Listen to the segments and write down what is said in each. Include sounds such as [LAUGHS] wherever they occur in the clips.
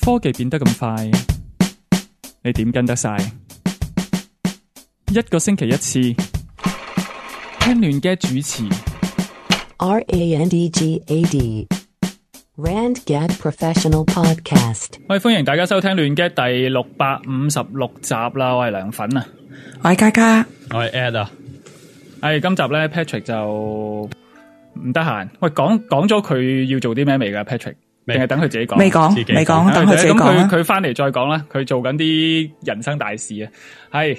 科技變得咁快，你點跟得晒？一個星期一次，聽亂嘅主持。R A N D G A D Rand Gad Professional Podcast。喂，歡迎大家收聽亂嘅第六百五十六集啦！我係梁粉啊，我係嘉嘉，我係 Ed 啊。係今集咧，Patrick 就唔得閒。喂，講講咗佢要做啲咩未㗎？Patrick？定係等佢自己講，未講，未講，等佢自己講啦。咁佢佢翻嚟再講啦。佢做緊啲人生大事啊，係。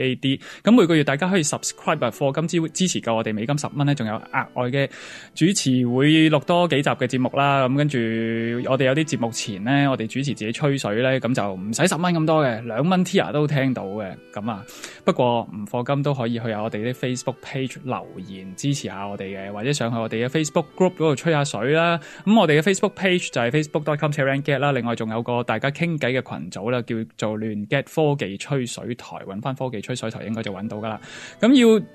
A D，咁每個月大家可以 subscribe 入課金支支持夠我哋美金十蚊咧，仲有額外嘅主持會錄多幾集嘅節目啦。咁跟住我哋有啲節目前咧，我哋主持自己吹水咧，咁就唔使十蚊咁多嘅，兩蚊 tier 都聽到嘅。咁啊，不過唔課金都可以去下我哋啲 Facebook page 留言支持下我哋嘅，或者上去我哋嘅 Facebook group 嗰度吹下水啦。咁我哋嘅 Facebook page 就係 Facebook.com/RanGad 啦。另外仲有個大家傾偈嘅群組啦叫做亂 gad 科技吹水台，揾翻科技水。出水台應該就揾到噶啦。咁要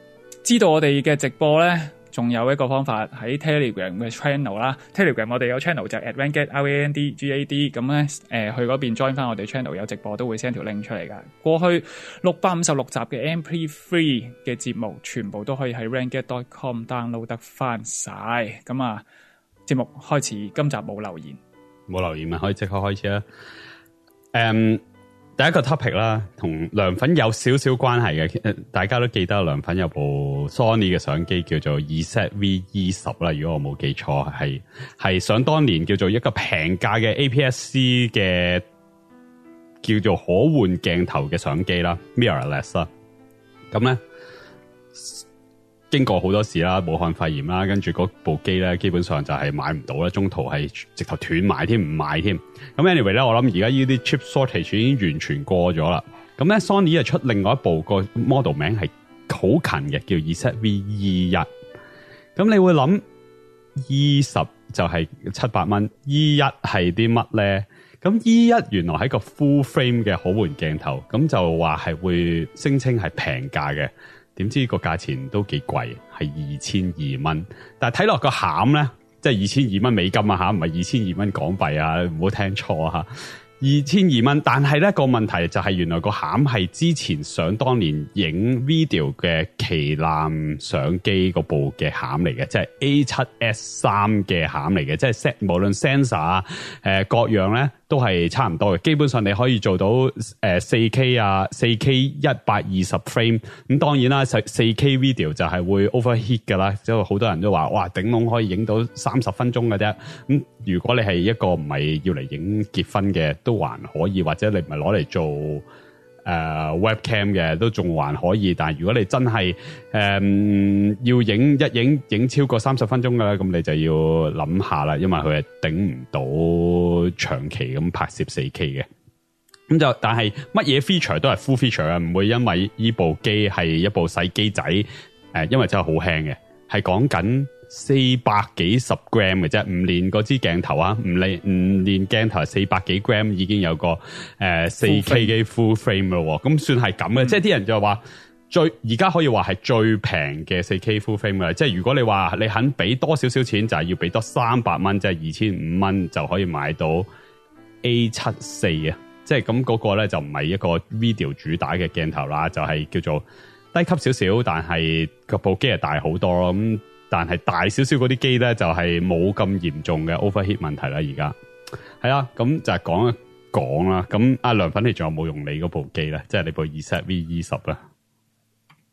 知道我哋嘅直播咧，仲有一個方法喺 Telegram 嘅 channel 啦。Telegram 我哋有 channel 就 @randgad R A N D G A D。咁咧誒，去嗰邊 join 翻我哋 channel 有直播都會 send 條 link 出嚟噶。過去六百五十六集嘅 MP3 嘅節目，全部都可以喺 randget.com download 得翻晒。咁啊，節目開始，今集冇留言，冇留言咪可以即刻開始啊。誒、um...。第一個 topic 啦，同良粉有少少關係嘅，大家都記得良粉有部 Sony 嘅相機叫做 Eset V E 十啦，如果我冇記錯，係係想當年叫做一個平價嘅 APS C 嘅叫做可換鏡頭嘅相機啦，Mirrorless 啦，咁咧。經過好多事啦，武漢肺炎啦，跟住嗰部機咧，基本上就係買唔到啦，中途係直頭斷賣添，唔買添。咁 anyway 咧，咧 anyway 呢我諗而家呢啲 chip shortage 已經完全過咗啦。咁咧，Sony 就出另外一部個 model 名係好近嘅，叫 ZV-E1。咁你會諗 E 十就係七百蚊，E 一係啲乜咧？咁 E 一原來係個 full frame 嘅好換鏡頭，咁就話係會聲稱係平價嘅。點知個價錢都幾貴，係二千二蚊，但係睇落個餡咧，即係二千二蚊美金啊吓，唔係二千二蚊港幣啊，唔好聽錯啊吓，二千二蚊。但係咧個問題就係，原來個餡係之前想當年影 video 嘅旗艦相機嗰部嘅餡嚟嘅，即係 A 七 S 三嘅餡嚟嘅，即係 set 無論 sensor 啊，誒、呃、各樣咧。都係差唔多嘅，基本上你可以做到誒四 K 啊，四 K 一百二十 frame，咁當然啦，四 K video 就係會 overheat 噶啦，即係好多人都話哇頂籠可以影到三十分鐘嘅啫，咁、嗯、如果你係一個唔係要嚟影結婚嘅，都還可以，或者你唔係攞嚟做。誒、uh，webcam 嘅都仲還可以，但係如果你真係誒、um，要影一影影超過三十分鐘嘅啦，咁你就要諗下啦，因為佢係頂唔到長期咁拍攝四 K 嘅。咁就但係乜嘢 feature 都係 full feature 啊，唔會因為呢部機係一部細機仔，誒，因為真係好輕嘅，係講緊。四百幾十 gram 嘅啫，唔連嗰支鏡頭啊，唔連唔、嗯、連鏡頭，四百幾 gram 已經有個誒四 K 嘅 full frame 咯，咁算係咁嘅。即係啲人就話最而家可以話係最平嘅四 K full frame 嘅，即係如果你話你肯俾多少少錢，就係、是、要俾多三百蚊，即係二千五蚊就可以買到 A 七四啊。即係咁嗰個咧就唔係一個 video 主打嘅鏡頭啦，就係、是、叫做低級少少，但係個部機係大好多咯咁。嗯但係大少少嗰啲機咧，就係冇咁嚴重嘅 overheat 問題啦。而家係啊，咁就係講一講啦。咁阿良粉，你仲有冇用你嗰部機咧？即係你部 E7V E 十 ZV-E10 啦，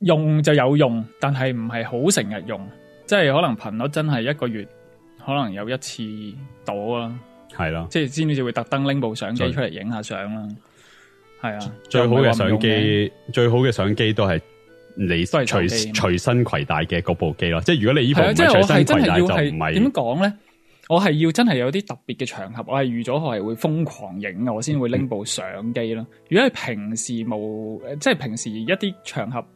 用就有用，但係唔係好成日用，即係可能頻率真係一個月可能有一次到啊，係咯，即係知唔知先至會特登拎部相機出嚟影下相啦？係啊，最好嘅相機，最好嘅相機都係。.你都係隨隨身攜帶嘅嗰部機咯，即係如果你呢部唔係隨身攜帶就唔係點講咧？我係要，要真係有啲特別嘅場合，我係預咗係會瘋狂影嘅，我先會拎部相機咯，嗯。如果係平時冇，即係平時一啲場合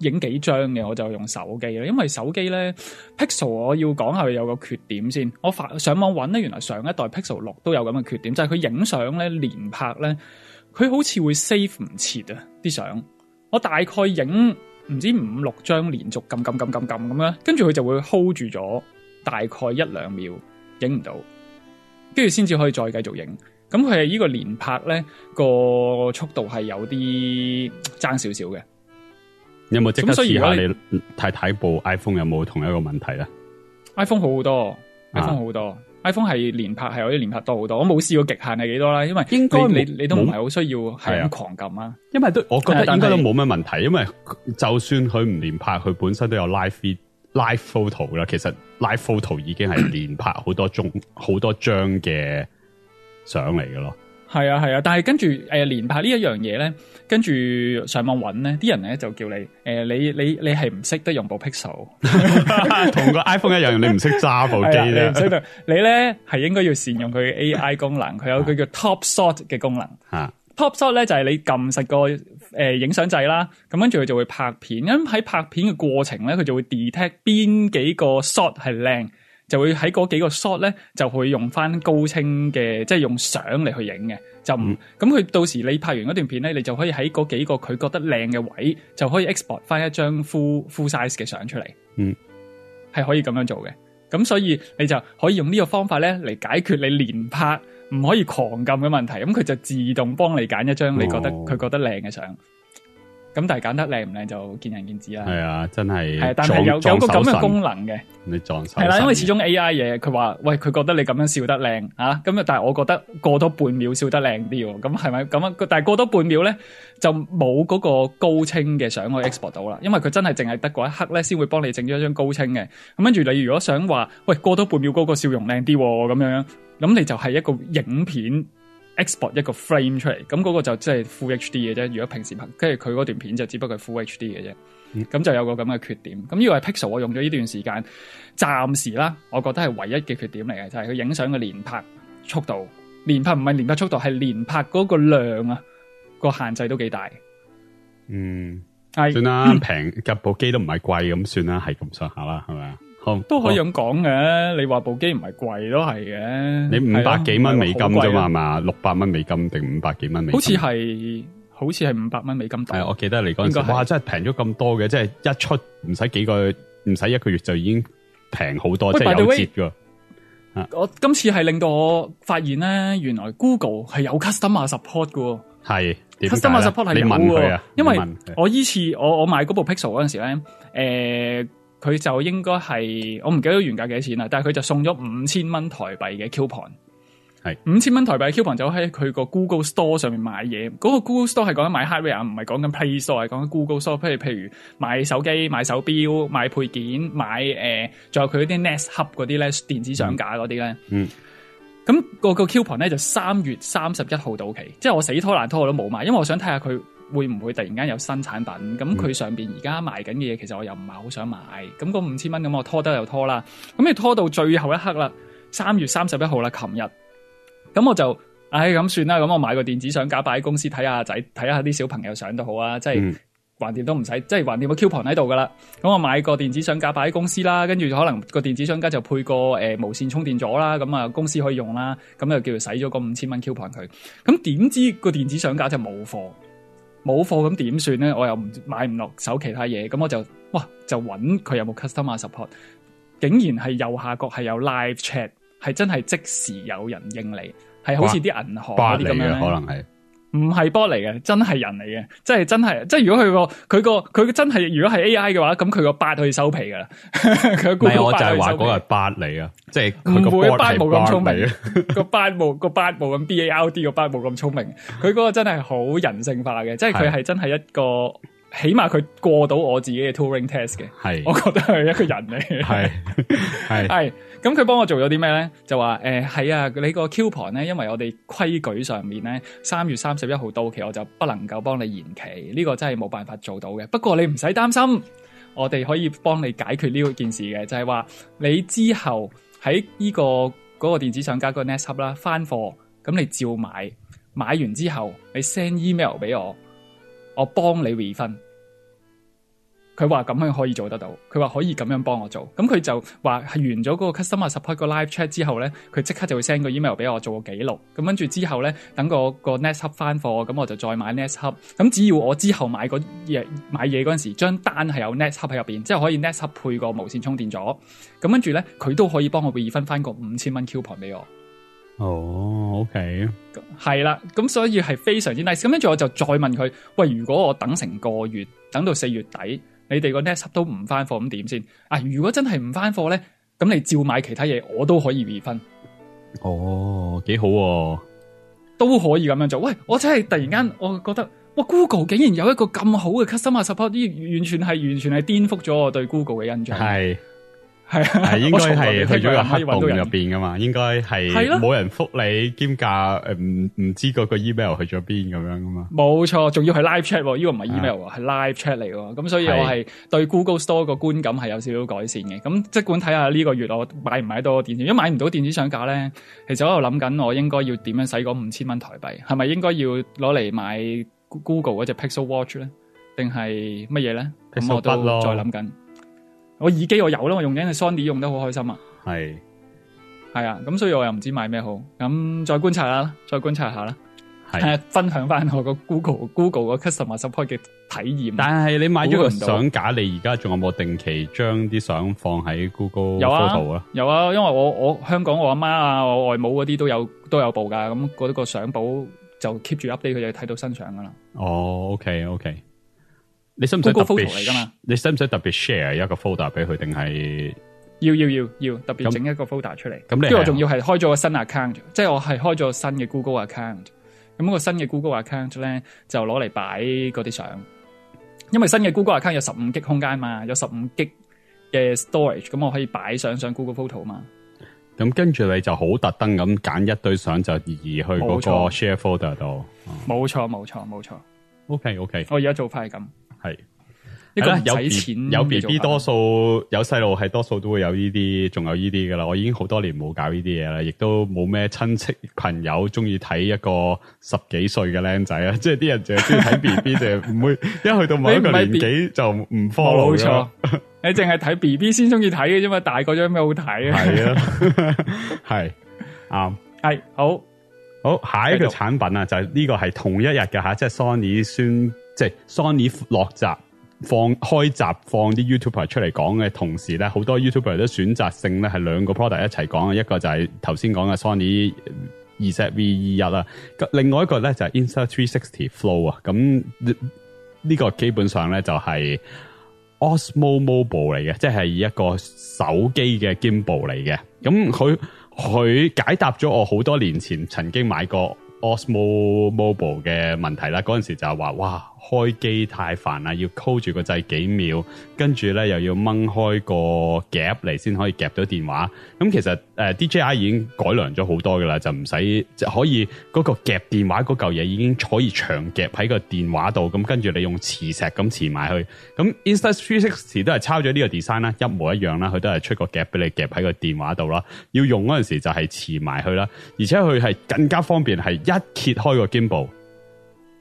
影幾張嘅，我就用手機啦。因為手機咧 Pixel，我要講下有個缺點先，我發上網揾咧，原來上一代 Pixel 六都有咁嘅缺點，就係佢影相咧連拍咧，佢好似會 save 唔切啊啲相，我大概影。唔知五六張連續撳撳撳撳撳咁啦，跟住佢就會 hold 住咗大概一兩秒，影唔到，跟住先至可以再繼續影。咁佢係呢個連拍咧個速度係有啲爭少少嘅。有冇即刻試下你太太部 iPhone 有冇同一個問題咧？iPhone 好好多、啊、，iPhone 好多。iPhone 係連拍係可以連拍多好多，我冇試過極限係幾多啦，因為應該你你都唔係好需要係咁狂撳啊，因為都我覺得應該都冇咩問題，因為就算佢唔連拍，佢本身都有 live f live photo 啦，其實 live photo 已經係連拍好多鐘、好 [COUGHS] 多張嘅相嚟噶咯。係啊係啊，但係跟住誒連拍呢一樣嘢咧，跟住上網揾咧，啲人咧就叫你、呃、你你你係唔識得用部 Pixel， [LAUGHS] [LAUGHS] 同個 iPhone 一樣， [LAUGHS] 你唔識揸部機咧、啊。你唔識得， [LAUGHS] 你咧係應該要善用佢 AI 功能，佢有佢叫 Top Shot 嘅功能。啊、Top Shot 咧就係、是、你撳實個誒影相掣啦，咁、呃、跟住佢就會拍片。咁喺拍片嘅過程咧，佢就會 detect 邊幾個 shot 係靚。就會喺嗰幾個 shot 咧，就會用翻高清嘅，即係用相嚟去影嘅，就唔咁佢，到時你拍完嗰段片咧，你就可以喺嗰幾個佢覺得靚嘅位，就可以 export 翻一張 full full size 嘅相出嚟，嗯，係可以咁樣做嘅，咁所以你就可以用呢個方法咧嚟解決你連拍唔可以狂撳嘅問題，咁佢就自動幫你揀一張你覺得佢覺得靚嘅相。哦咁但係揀得靚唔靚就見仁見智啦。係啊，真係。係，但係有有個咁嘅功能嘅。你撞手神係啦，因為始終 A I 嘢，佢話喂，佢覺得你咁樣笑得靚啊，咁啊，但係我覺得過多半秒笑得靚啲，咁係咪咁啊？但係過多半秒咧，就冇嗰個高清嘅相可以 export 到啦，因為佢真係淨係得嗰一刻咧，先會幫你整咗一張高清嘅。咁跟住你如果想話喂，過多半秒嗰個笑容靚啲咁樣樣，咁你就係一個影片。export 一個 frame 出嚟，咁嗰個就即係 full HD 嘅啫。如果平時拍，跟住佢嗰段片就只不過係 full HD 嘅啫，咁、嗯、就有個咁嘅缺點。咁呢個係 Pixel 我用咗呢段時間，暫時啦，我覺得係唯一嘅缺點嚟嘅，就係佢影相嘅連拍速度，連拍唔係連拍速度，係連拍嗰個量啊，個限制都幾大。嗯，係算啦、嗯，平夾部機都唔係貴，咁算啦，係咁上下啦，係咪啊？好，都可以咁講嘅，你話部機唔係貴都係嘅。你五百幾蚊美金啫嘛，係嘛？六百蚊美金定五百幾蚊美？好似係，好似係五百蚊美金。但係，我記得你嗰陣時哇，真係平咗咁多嘅，即係一出唔使幾個月，唔使一個月就已經平好多，即係有折㗎。啊！我今次係令到我發現咧，原來 Google 係有 customer support 嘅。係，customer support 係有嘅，你問佢啊。因為我依次我我買嗰部 Pixel 嗰陣時咧，誒。佢就應該係我唔記得原價幾多錢啦，但係佢就送咗五千蚊台幣嘅 coupon，係五千蚊台幣嘅 coupon 就喺佢個 Google Store 上面買嘢。嗰個 Google Store 係講緊買 hardware，唔係講緊 Play Store，講緊 Google Store。譬如譬如買手機、買手錶、買配件、買誒，仲有佢嗰啲 Nest Hub 嗰啲咧，電子相架嗰啲咧。嗯。咁個個 coupon 咧就三月三十一號到期，即係我死拖爛拖我都冇買，因為我想睇下佢。會唔會突然間有新產品？咁、嗯、佢上邊而家賣緊嘅嘢，其實我又唔係好想買。咁嗰五千蚊咁，我拖得又拖啦。咁你拖到最後一刻啦，三月三十一號啦，琴日咁我就唉咁、哎、算啦。咁我買個電子相架擺喺公司睇下仔睇下啲小朋友相都好啊。即係橫掂都唔使，即係橫掂個 coupon 喺度噶啦。咁我買個電子相架擺喺公司啦，跟住可能個電子相架就配個誒、呃、無線充電座啦。咁啊，公司可以用啦。咁又叫佢使咗嗰五千蚊 coupon 佢。咁點知個電子相架就冇貨？冇貨，咁點算咧？我又唔買唔落手其他嘢，咁我就哇就揾佢有冇 customer support，竟然係右下角係有 live chat，係真係即時有人應你，係好似啲銀行啲咁樣，可能係。唔係波嚟嘅，真係人嚟嘅，即係真係，即係如果佢個佢個佢真係如果係 A I 嘅話，咁佢個八都要收皮噶啦。佢 [LAUGHS] 係，我就話嗰個八嚟啊，即係佢個波冇咁聰明，個八冇個八冇咁 B A R D 個八冇咁聰明，佢 [LAUGHS] 嗰個真係好人性化嘅，即係佢係真係一個。起碼佢過到我自己嘅 Turing test 嘅，係，我覺得係一個人嚟，係 [LAUGHS] 是，係， [LAUGHS] 咁佢幫我做咗啲咩咧？就話誒，係、欸、啊，你個 coupon 咧，因為我哋規矩上面咧，三月三十一號到期，我就不能夠幫你延期，呢、這個真係冇辦法做到嘅。不過你唔使擔心，我哋可以幫你解決呢件事嘅，就係、是、話你之後喺呢、這個嗰、那個電子上加個 netshop 啦，翻貨，咁你照買，買完之後你 send email 俾我。我幫你微分，佢話咁樣可以做得到，佢話可以咁樣幫我做，咁佢就話係完咗嗰個 customer support 個 live chat 之後咧，佢即刻就會 send 個 email 俾我做個記錄，咁跟住之後咧，等個個 Nest Hub 翻貨，咁我就再買 Nest Hub，咁只要我之後買嘢買嘢嗰陣時，張單係有 Nest Hub 喺入邊，即係可以 Nest Hub 配個無線充電座。咁跟住咧，佢都可以幫我微分翻個五千蚊 coupon 俾我。哦、oh，OK，係啦，咁所以係非常之 nice。咁跟住我就再問佢，喂，如果我等成個月，等到四月底，你哋個 netshop 都唔翻貨，咁點先？啊，如果真係唔翻貨咧，咁你照買其他嘢，我都可以備分。哦，幾好，啊，都可以咁樣做。喂，我真係突然間，我覺得，哇，Google 竟然有一個咁好嘅 customer support，完全係完全係顛覆咗我對 Google 嘅印象。係。係啊，係應該係去咗個黑洞入邊噶嘛，應該係冇人覆你兼夾，唔唔知嗰個 email 去咗邊咁樣噶嘛。冇錯，仲要係 live chat，呢個唔係 email，係 live chat 嚟噶。咁所以我係對 Google Store 個觀感係有少少改善嘅。咁即管睇下呢個月我買唔買到電子，如果買唔到電子上架咧，其實我喺度諗緊我應該要點樣使嗰五千蚊台幣，係咪應該要攞嚟買 Google 嗰隻 Pixel Watch 咧，定係乜嘢咧？咁我都再諗緊。我耳機我有啦，我用緊嘅 Sony 用得好開心啊！係，係啊，咁所以我又唔知買咩好，咁再觀察下啦，再觀察下啦。係， [LAUGHS] 分享翻我個 Google Google 個 Customer Support 嘅體驗。但係你買咗個相架，你而家仲有冇定期將啲相放喺 Google Photo 有啊，有啊，因為我我香港我阿媽啊我外母嗰啲都有都有部噶，咁、嗯、嗰、嗰個相簿就 keep 住 update，佢就睇到新相噶啦。哦、oh，OK OK。你使唔使你使唔使特別 share 一個 folder 俾佢？定係要要要要特別整一個 folder 出嚟？咁我仲要係開咗個新 account，即係我係開咗新嘅 Google account。咁個新嘅 Google account 咧，就攞嚟擺嗰啲相，因為新嘅 Google account 有十五 G 空間嘛，有十五 G 嘅 storage，咁我可以擺相上，上 Google Photo 嘛。咁跟住你就好特登咁揀一堆相，就移去嗰個 share folder 度。冇錯冇錯、嗯、冇錯。OK OK，我而家做法係咁。係呢個有錢有 B B 多數有細路係多數都會有呢啲，仲有呢啲噶啦。我已經好多年冇搞呢啲嘢啦，亦都冇咩親戚朋友中意睇一個十幾歲嘅僆仔啊！ [LAUGHS] 即係啲人淨係 [LAUGHS] 就中意睇 B B，就唔會一去到某一個年紀就唔 follow。冇錯， [LAUGHS] 你淨係睇 B B 先中意睇嘅啫嘛，大個咗有咩好睇 [LAUGHS] 是啊？係 [LAUGHS] 咯，係啱係，好好下一個產品啊，就呢個係同一日嘅吓，即係 Sony 宣。即係 Sony 落集放開集放啲 YouTuber 出嚟講嘅，同時咧好多 YouTuber 都選擇性咧係兩個 product 一齊講嘅。一個就係頭先講嘅 Sony Eset V E 一啦，咁另外一個咧就係、是、Insta Three Sixty Flow 啊。咁呢個基本上咧就係 Osmo Mobile 嚟嘅，即係以一個手機嘅 g 肩部嚟嘅。咁佢佢解答咗我好多年前曾經買過 Osmo Mobile 嘅問題啦。嗰陣時就話哇～開機太煩啦，要 call 住個掣幾秒，跟住咧又要掹開個夾嚟先可以夾到電話。咁其實誒、呃、，D J I 已經改良咗好多噶啦，就唔使就可以嗰個夾電話嗰嚿嘢已經可以長夾喺個電話度。咁跟住你用磁石咁磁埋去。咁 Insta360 都係抄咗呢個 design 啦，一模一樣啦，佢都係出個夾俾你夾喺個電話度啦。要用嗰陣時就係磁埋去啦，而且佢係更加方便，係一揭開個 gimbal。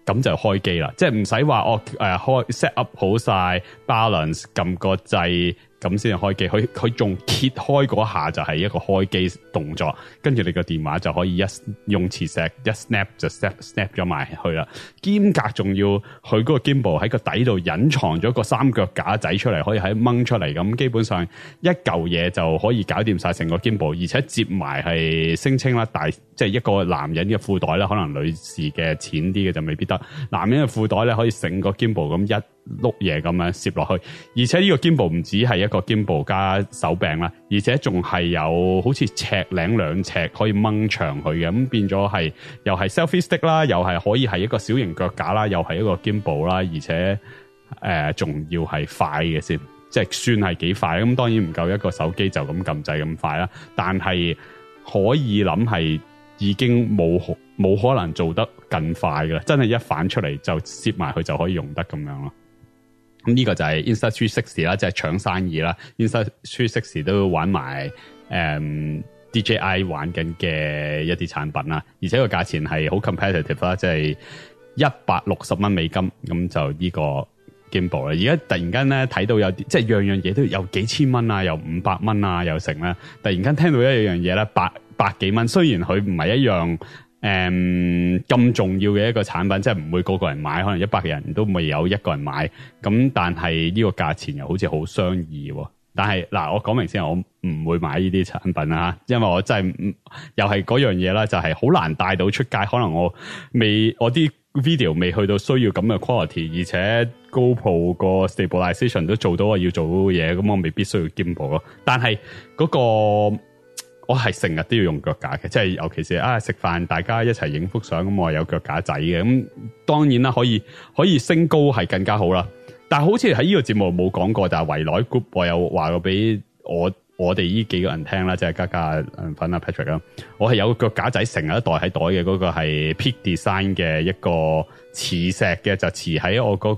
咁就開機啦，即係唔使話哦誒，開 set up 好晒 balance，撳個掣。咁先開機，佢佢仲揭開嗰下就係一個開機動作，跟住你個電話就可以一用磁石一 snap 就 snap snap 咗埋去啦。兼夾仲要佢嗰個 gimbal 喺個底度隱藏咗個三腳架仔出嚟，可以喺掹出嚟咁。基本上一舊嘢就可以搞掂晒成個 gimbal，而且接埋係聲稱啦，大即係、就是、一個男人嘅褲袋啦，可能女士嘅淺啲嘅就未必得。男人嘅褲袋咧可以成個 gimbal 咁一。碌嘢咁樣攝落去，而且呢個 Gimbal 唔止係一個 Gimbal 加手柄啦，而且仲係有好似尺零兩尺可以掹長佢嘅，咁變咗係又係 selfie stick 啦，又係可以係一個小型腳架啦，又係一個 Gimbal 啦，而且誒仲、呃、要係快嘅先，即係算係幾快，咁當然唔夠一個手機就咁撳掣咁快啦，但係可以諗係已經冇冇可能做得更快噶啦，真係一反出嚟就攝埋佢就可以用得咁樣咯。咁、這、呢個就係 Insta360 啦，即係搶生意啦。Insta360 都玩埋誒、um, DJI 玩緊嘅一啲產品啦，而且個價錢係好 competitive 啦，即係一百六十蚊美金，咁就呢個 Gimbal 啦。而家突然間咧睇到有啲，即係樣樣嘢都有幾千蚊啊，有五百蚊啊，又成啦。突然間聽到一樣嘢咧，百百幾蚊，雖然佢唔係一樣。誒、嗯，咁重要嘅一個產品，即係唔會個個人買，可能一百人都未有一個人買。咁但係呢個價錢又好似好相宜。但係嗱，我講明先，我唔會買呢啲產品啊，因為我真係，又係嗰樣嘢啦，就係、是、好難帶到出街。可能我未，我啲 video 未去到需要咁嘅 quality，而且 GoPro 個 stabilization 都做到我要做嘢，咁我未必需要 gimbal 咯。但係嗰、那個。我係成日都要用腳架嘅，即係尤其是啊，食飯大家一齊影幅相咁，我有腳架仔嘅，咁、嗯、當然啦，可以可以升高係更加好啦。但係好似喺呢個節目冇講過，但係圍內 group 我有話過俾我。我哋呢幾個人聽啦，即係加加粉啊 Patrick 我係有個假仔成一袋喺袋嘅，嗰、那個係 Peak Design 嘅一個磁石嘅，就磁喺我嗰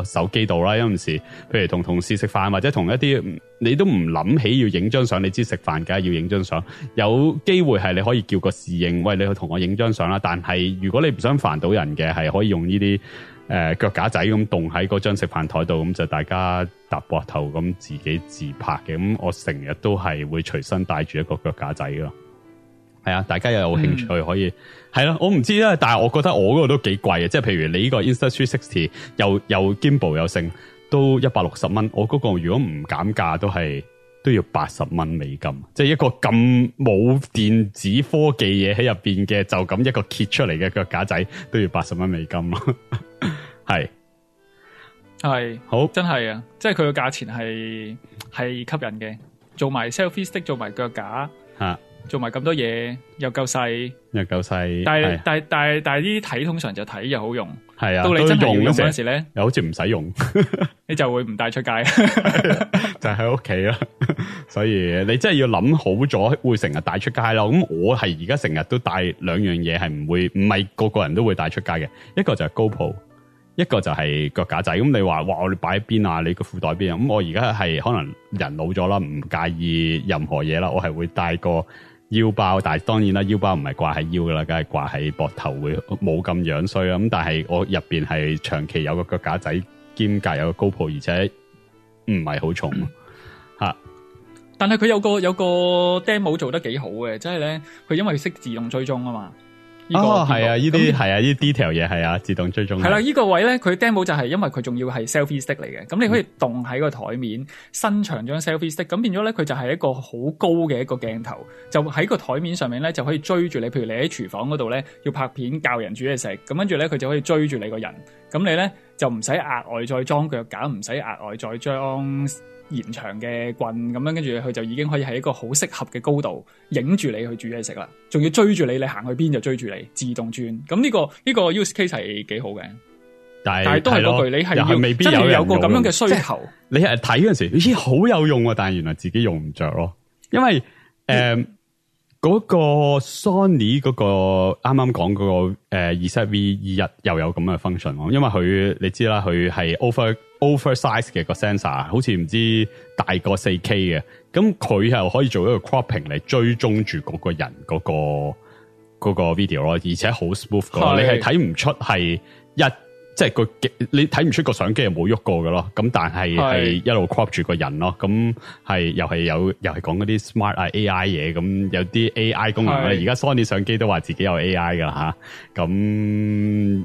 個手機度啦。因為有陣時，譬如同同事食飯，或者同一啲你都唔諗起要影張相，你知食飯梗係要影張相。有機會係你可以叫個侍應，喂，你去同我影張相啦。但係如果你唔想煩到人嘅，係可以用呢啲。誒、呃，腳架仔咁動喺嗰張食飯台度，咁就大家搭膊頭咁自己自拍嘅。咁我成日都係會隨身帶住一個腳架仔咯。係啊，大家又有興趣可以係啦、啊、我唔知啦，但係我覺得我嗰個都幾貴嘅。即係譬如你呢個 Insta 360又又兼部又剩，都一百六十蚊。我嗰個如果唔減價，都係都要八十蚊美金。即、就、係、是、一個咁冇電子科技嘢喺入邊嘅，就咁一個揭出嚟嘅腳架仔，都要八十蚊美金咯。 [LAUGHS] 係係好真係啊！即係佢個價錢係係吸引嘅，做埋 selfie stick，做埋腳架，吓做埋咁多嘢又夠細，又夠細。但係但係但係但係呢啲睇通常就睇又好用，係啊。到你真係要用嗰陣時咧，又好似唔使用，你就會唔帶出街，就係喺屋企啦。所以你真係要諗好咗，會成日帶出街咯。咁我係而家成日都帶兩樣嘢，係唔會唔係個個人都會帶出街嘅，一個就係 GoPro。一個就係腳架仔，咁你話，哇！我哋擺喺邊啊？你個褲袋邊啊？咁我而家係可能人老咗啦，唔介意任何嘢啦，我係會戴個腰包，但係當然啦，腰包唔係掛喺腰噶啦，梗係掛喺膊頭，會冇咁樣衰啦。咁但係我入邊係長期有個腳架仔兼夾有個高鋪，而且唔係好重吓、嗯啊。但係佢有個有個 demo 做得幾好嘅，即係咧，佢因為識自動追蹤啊嘛。這個、demo，哦，係啊，呢啲係啊，呢啲 detail 嘢係啊，自動追蹤。係啦、啊，依、這個位咧，佢 demo 就係、是、因為佢仲要係 selfie stick 嚟嘅，咁你可以動喺個台面、嗯、伸長張 selfie stick，咁變咗咧，佢就係一個好高嘅一個鏡頭，就喺個台面上面咧，就可以追住你。譬如你喺廚房嗰度咧，要拍片教人煮嘢食，咁跟住咧，佢就可以追住你個人，咁你咧就唔使額外再裝腳架，唔使額外再裝。延長嘅棍咁樣，跟住佢就已經可以喺一個好適合嘅高度影住你去煮嘢食啦，仲要追住你，你行去邊就追住你，自動轉。咁呢、這個呢、這個 use case 係幾好嘅，但係都係嗰句，你係未必有個咁樣嘅需求，你係睇嗰陣時咦好有用，但係原來自己用唔着咯。因為誒嗰、呃那個 Sony 嗰、那個啱啱講嗰個誒 ZV-E1 又有咁嘅 function，因為佢你知啦，佢係 over。oversize 嘅個 sensor，好似唔知大過四 K 嘅，咁佢又可以做一個 cropping 嚟追蹤住嗰個人嗰個嗰個 video 咯，而且好 smooth 咯，你係睇唔出係一即係個你睇唔出個相機係冇喐過㗎咯，咁但係係一路 cropping 住個人咯，咁係又係有又係講嗰啲 smart 啊 AI 嘢，咁有啲 AI 功能啦，而家 Sony 相機都話自己有 AI 噶吓，咁。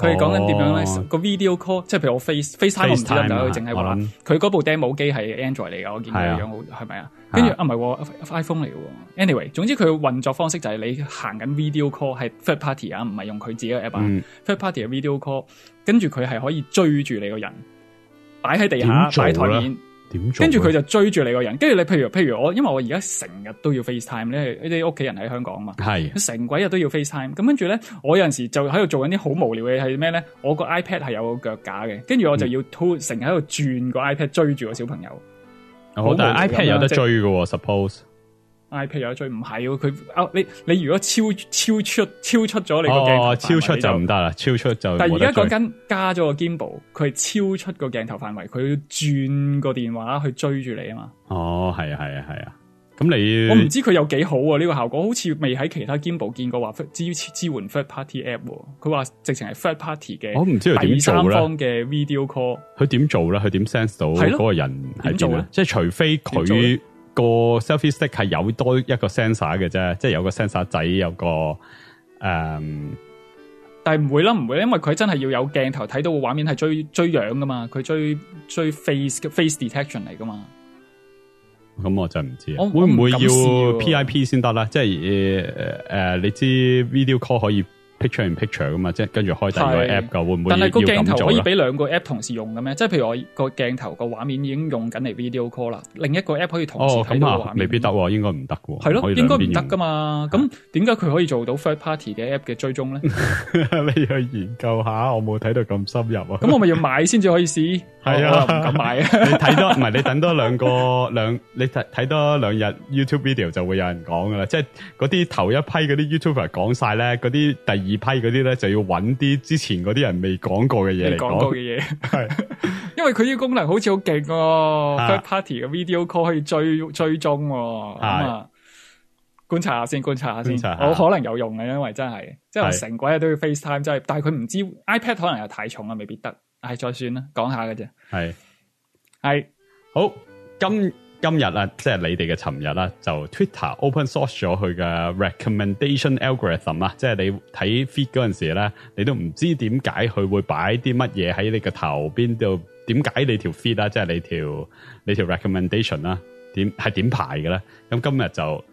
佢講緊點樣咧？哦個 video call 即係譬如我 face FaceTime 我唔知點解佢淨係話，佢嗰、啊、部 demo 機係 Android 嚟㗎，我見佢樣好係咪啊？跟住啊唔係喎 iPhone 嚟㗎。Anyway，總之佢嘅運作方式就係你行緊 video call 係 third party 啊，唔係用佢自己 app、嗯。third party 係 video call，跟住佢係可以追住你個人擺喺地下擺台面。跟住佢就追住你個人，跟住你譬如譬如我，因為我而家成日都要 FaceTime 呢啲屋企人喺香港嘛，係成鬼日都要 FaceTime，咁跟住咧，我有陣時就喺度做緊啲好無聊嘅嘢係咩咧？我個 iPad 係有腳架嘅，跟住我就要成日喺度轉個 iPad 追住個小朋友，嗯、好但係 iPad 有得追㗎，就是，suppose。iPad 又追唔係喎，佢、哦、你你如果超超出超出咗你個鏡頭範圍，超出就唔得啦，超出就，超出就得。但係而家嗰根加咗個 Gimbal，佢係超出個鏡頭範圍，佢要轉個電話去追住你啊嘛。哦，係啊，係啊，係啊，咁你我唔知佢有幾好啊？呢、這個效果好似未喺其他 Gimbal 見過話支支援 Third Party App、啊。佢話直情係 Third Party 嘅，我唔知點做咧。第三方嘅 Video Call，佢點做咧？佢點 sense 到嗰個人喺、啊、邊咧？即係除非佢。個 selfie stick 係有多一個 sensor 嘅啫，即、就、係、是、有個 sensor 仔，有個誒、嗯，但係唔會啦，唔會啦，因為佢真係要有鏡頭睇到個畫面係追追樣噶嘛，佢追追 face face detection 嚟噶嘛。咁、嗯、我就唔知，啊、哦，會唔會要 PIP 先得啦，即係誒誒，你知 video call 可以。pictureinpicture 噶嘛，即係跟住開第二個 app 噶，會唔會要咁做？但係個鏡頭可以俾兩個 app 同時用嘅咩？即係譬如我個鏡頭個畫面已經用緊嚟 video call 啦，另一個 app 可以同時睇到畫面？未必得，應該唔得嘅。係咯，應該唔得噶嘛。咁點解佢可以做到 third party 嘅 app 嘅追蹤咧？你去研究下，我冇睇到咁深入啊。咁我咪要買先至可以試？係啊，唔敢買。你睇多，唔係你等多兩個兩，你睇睇多兩日 YouTube video 就會有人講噶啦。即係嗰啲頭一批嗰啲 YouTuber 講晒咧，嗰啲第二。二批嗰啲咧，就要揾啲之前嗰啲人未講過嘅嘢嚟講過嘅嘢，係 [LAUGHS] 因為佢呢個功能好似好勁、哦、 [LAUGHS] Third Party 嘅 video call 可以追追蹤咁、哦、啊，啊，觀察下先，觀察下先，好，嗯啊、可能有用嘅，因為真係即係成鬼日都要 FaceTime，真係、啊、但係佢唔知 iPad 可能又太重啊，未必得，唉，再算啦，講下嘅啫，係係、啊、好咁。今日啊，即係你哋嘅尋日啦，就 Twitter open source 咗佢嘅 recommendation algorithm 啦。即係你睇 feed 嗰陣時咧，你都唔知點解佢會擺啲乜嘢喺你個頭邊度，點解你，你，你條 feed 啊，即係你條你 recommendation 啦，點係點排嘅咧？咁今日就。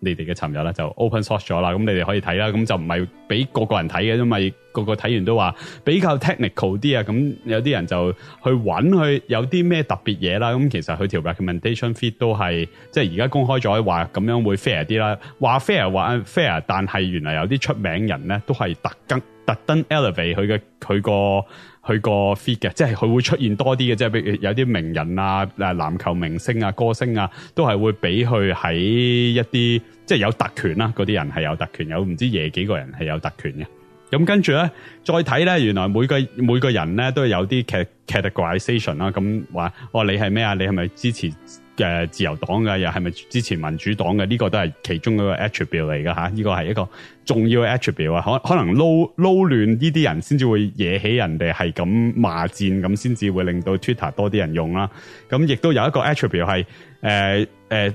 你哋嘅尋日咧就 open source 咗啦，咁你哋可以睇啦，咁就唔係俾個個人睇嘅，因為個個睇完都話比較 technical 啲啊，咁有啲人就去揾佢有啲咩特別嘢啦，咁其實佢條 recommendation feed 都係即係而家公開咗，話咁樣會 fair 啲啦，話 fair 話 fair，但係原來有啲出名人咧都係特登特登 elevate 佢嘅佢個。去個 fit 嘅，即係佢會出現多啲嘅，即係比如有啲名人啊、誒籃球明星啊、歌星啊，都係會俾佢喺一啲即係有特權啦、啊，嗰啲人係有特權，有唔知夜幾個人係有特權嘅。咁跟住咧，再睇咧，原來每個每個人咧都有啲 categorization 啦、啊，咁話哦，你係咩啊？你係咪支持？嘅自由黨嘅，又係咪支持民主黨，嘅？呢個都係其中一個 attribute 嚟㗎吓，呢個係一個重要嘅 attribute 啊，可可能撈撈亂呢啲人先至會惹起人哋係咁罵戰，咁先至會令到 Twitter 多啲人用啦。咁亦都有一個 attribute 係誒誒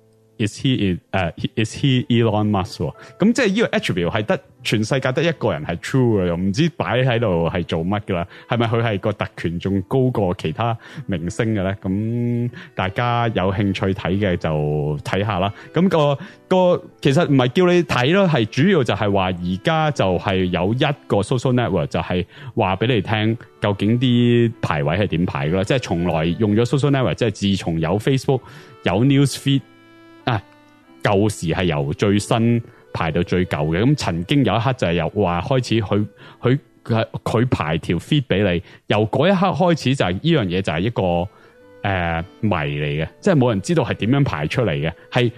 Is he 誒、uh,？Is he Elon Musk？咁即係呢個 attribute 係得全世界得一個人係 true 嘅，又唔知擺喺度係做乜噶啦？係咪佢係個特權仲高過其他明星嘅咧？咁大家有興趣睇嘅就睇下啦。咁、那個個其實唔係叫你睇咯，係主要就係話而家就係有一個 social network 就係話俾你聽，究竟啲排位係點排噶啦？即係從來用咗 social network，即係自從有 Facebook 有 news feed。舊時係由最新排到最舊嘅，咁曾經有一刻就係由話開始，佢佢佢排條 feed 俾你，由嗰一刻開始就係呢樣嘢就係一個誒、呃、迷嚟嘅，即係冇人知道係點樣排出嚟嘅，係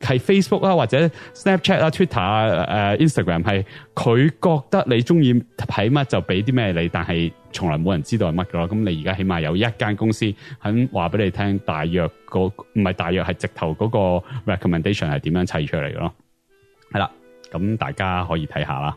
係 Facebook 啊或者 Snapchat 啊 Twitter 啊誒、呃、Instagram 係、啊、佢覺得你中意睇乜就俾啲咩你，但係。從來冇人知道係乜噶咯，咁你而家起碼有一間公司肯話俾你聽，大約、那個唔係大約係直頭嗰個 recommendation 係點樣砌出嚟嘅咯，係啦，咁大家可以睇下啦。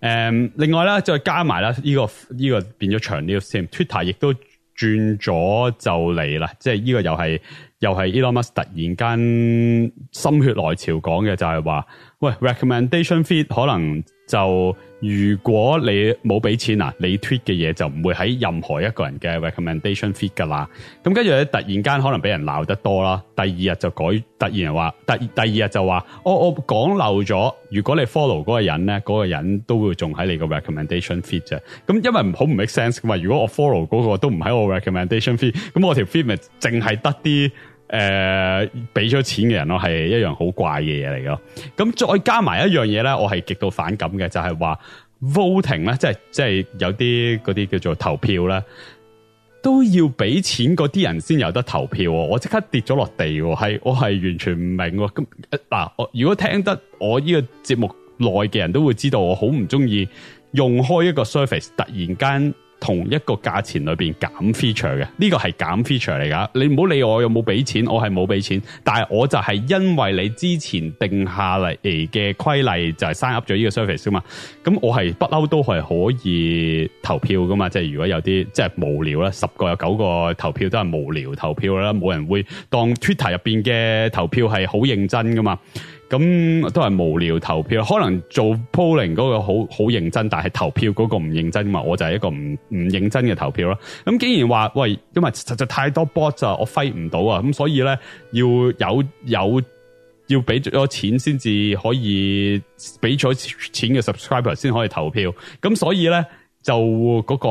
誒、um，另外咧，再加埋啦，呢、這個呢、這個變咗長料先，Twitter 亦都轉咗就嚟啦，即係呢個又係又係 Elon Musk 突然間心血來潮講嘅，就係、是、話，喂，recommendation feed 可能。就如果你冇俾錢啊，你 tweet 嘅嘢就唔會喺任何一個人嘅 recommendation feed 噶啦。咁跟住咧，突然間可能俾人鬧得多啦，第二日就改突然話，第第二日就話、哦、我我講漏咗。如果你 follow 嗰個人咧，嗰、嗰個人都會仲喺你個 recommendation feed 啫。咁因為唔好唔 make sense 噶嘛。如果我 follow 嗰個都唔喺我 recommendation feed，咁我條 feed 咪淨係得啲。誒、呃，俾咗錢嘅人咯，係一樣好怪嘅嘢嚟咯。咁再加埋一樣嘢咧，我係極度反感嘅，就係話 voting 咧，即係即係有啲嗰啲叫做投票咧，都要俾錢嗰啲人先有得投票。我即刻跌咗落地，係我係完全唔明。咁嗱，我、呃、如果聽得我呢個節目內嘅人都會知道，我好唔中意用開一個 service，突然間。同一個價錢裏邊減 feature 嘅，呢、呢個係減 feature 嚟噶。你唔好理我，我有冇俾錢，我係冇俾錢。但係我就係因為你之前定下嚟嘅規例，就係 sign up 咗呢個 service 啊嘛。咁我係不嬲都係可以投票噶嘛。即係如果有啲即係無聊啦，十個有九個投票都係無聊投票啦，冇人會當 Twitter 入邊嘅投票係好認真噶嘛。咁都係無聊投票，可能做 polling 嗰個好好認真，但係投票嗰個唔認真嘛，我就係一個唔唔認真嘅投票咯。咁竟然話喂，因為實在太多 bot 啊，我揮唔到啊，咁所以咧要有有要俾咗錢先至可以俾咗錢嘅 subscriber 先可以投票，咁所以咧。就嗰個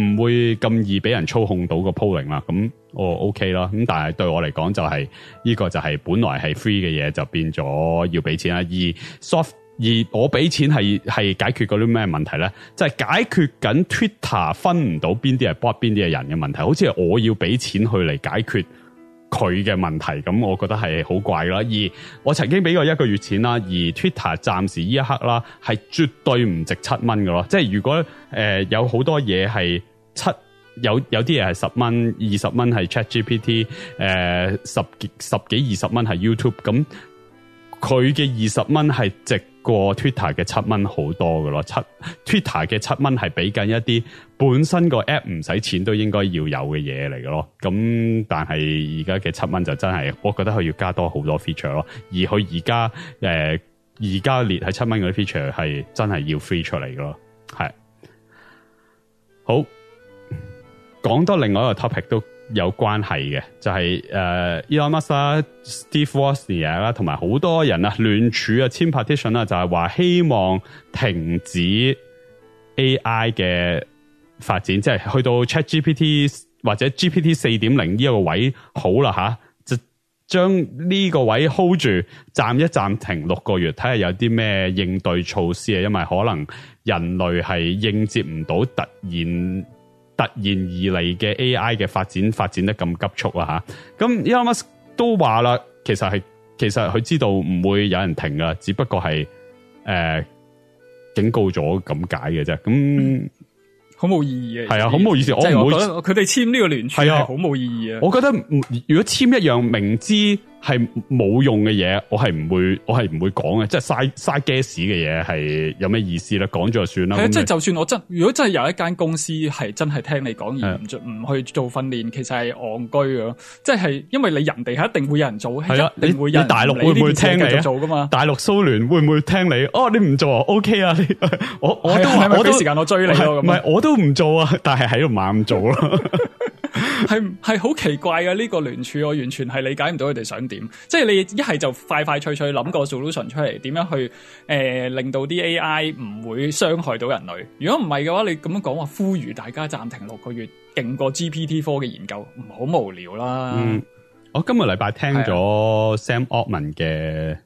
唔會咁易俾人操控到個 polling 啦，咁我 OK 啦。咁但係對我嚟講就係、是、呢、這個就係本來係 free 嘅嘢，就變咗要俾錢啦。而 soft 而我俾錢係係解決嗰啲咩問題咧？即、就、係、是、解決緊 Twitter 分唔到邊啲係 bot 邊啲係人嘅問題。好似係我要俾錢去嚟解決。佢嘅問題，咁我覺得係好怪啦。而我曾經俾過一個月錢啦，而 Twitter 暫時呢一刻啦，係絕對唔值七蚊㗎咯。即係如果誒、呃、有好多嘢係七，有有啲嘢係十蚊、二十蚊係 ChatGPT，誒、呃、十幾十幾二十蚊係 YouTube 咁。佢嘅二十蚊係值過 Twitter 嘅七蚊好多㗎咯，七 Twitter 嘅七蚊係俾緊一啲本身個 app 唔使錢都應該要有嘅嘢嚟嘅咯。咁但係而家嘅七蚊就真係，我覺得佢要加多好多 feature 咯。而佢而家誒而家列喺七蚊嗰啲 feature 係真係要 free 出嚟嘅咯，係，好講多另外一個 topic 都。有關係嘅，就係、是、誒、呃、Elon Musk 啦、Steve Wozniak 啦，同埋好多人啊聯署啊、簽 petition 啦、啊，就係、是、話希望停止 AI 嘅發展，即、就、係、是、去到 ChatGPT 或者 GPT 四點零呢一個位好啦嚇，就將呢個位 hold 住，暫一暫停六個月，睇下有啲咩應對措施啊，因為可能人類係應接唔到突然。突然而嚟嘅 A.I. 嘅發展發展得咁急速啊！吓，咁 Elon Musk 都話啦，其實係其實佢知道唔會有人停噶，只不過係誒、呃、警告咗咁解嘅啫。咁好冇意義啊？係啊，好冇意思。就是、我唔會佢哋簽呢個聯署係啊，好冇意義啊。我覺得如果簽一樣明知。係冇用嘅嘢，我係唔會，我係唔會講嘅。即係嘥嘥 gas 嘅嘢係有咩意思啦？講咗就算啦。即係，就算我真，如果真係有一間公司係真係聽你講而唔做，唔去做訓練，其實係戇居咯。即係因為你人哋係一定會有人做，係啦，你大陸會唔會聽你做㗎嘛？大陸蘇聯會唔會聽你？哦，你唔做，OK 啊？你我我都我俾時間我追你咯。唔係，我都唔做啊，但係喺度猛做咯。 [LAUGHS] 係係好奇怪嘅呢個聯署，我完全係理解唔到佢哋想點。即係你一係就快快脆脆諗個 solution 出嚟，點樣去誒、呃、令到啲 AI 唔會傷害到人類？如果唔係嘅話，你咁樣講話呼籲大家暫停六個月勁過 GPT 4嘅研究，唔好無聊啦。嗯，我今個禮拜聽咗 Sam Altman 嘅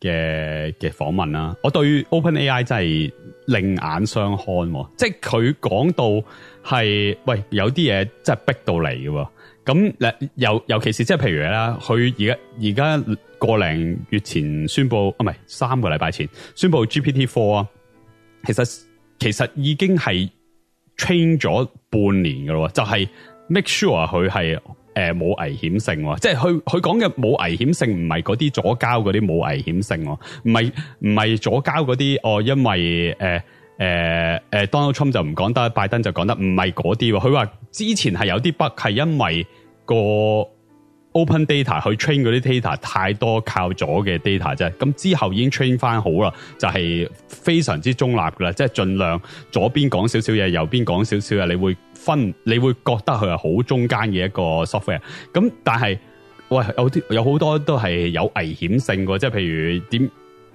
嘅嘅訪問啦，我對 Open AI 真係另眼相看，即係佢講到。係喂，有啲嘢真係逼到嚟嘅，咁咧尤尤其是即係譬如啦，佢而家而家個零月前宣布，唔、哦、係三個禮拜前宣布 GPT Four 啊，其實其實已經係 train 咗半年嘅咯，就係、是、make sure 佢係誒冇危險性，即係佢佢講嘅冇危險性，性，唔係嗰啲左膠嗰啲冇危險性，唔係唔係左膠嗰啲哦，因為誒。呃誒誒，Donald Trump 就唔講得，拜登就講得唔係嗰啲喎。佢話之前係有啲 bug，係因為個 open data 去 train 嗰啲 data 太多靠左嘅 data 啫。咁之後已經 train 翻好啦，就係非常之中立噶啦，即係盡量左邊講少少嘢，右邊講少少嘢，你會分，你會覺得佢係好中間嘅一個 software。咁但係喂，有啲有好多都係有危險性嘅，即係譬如點？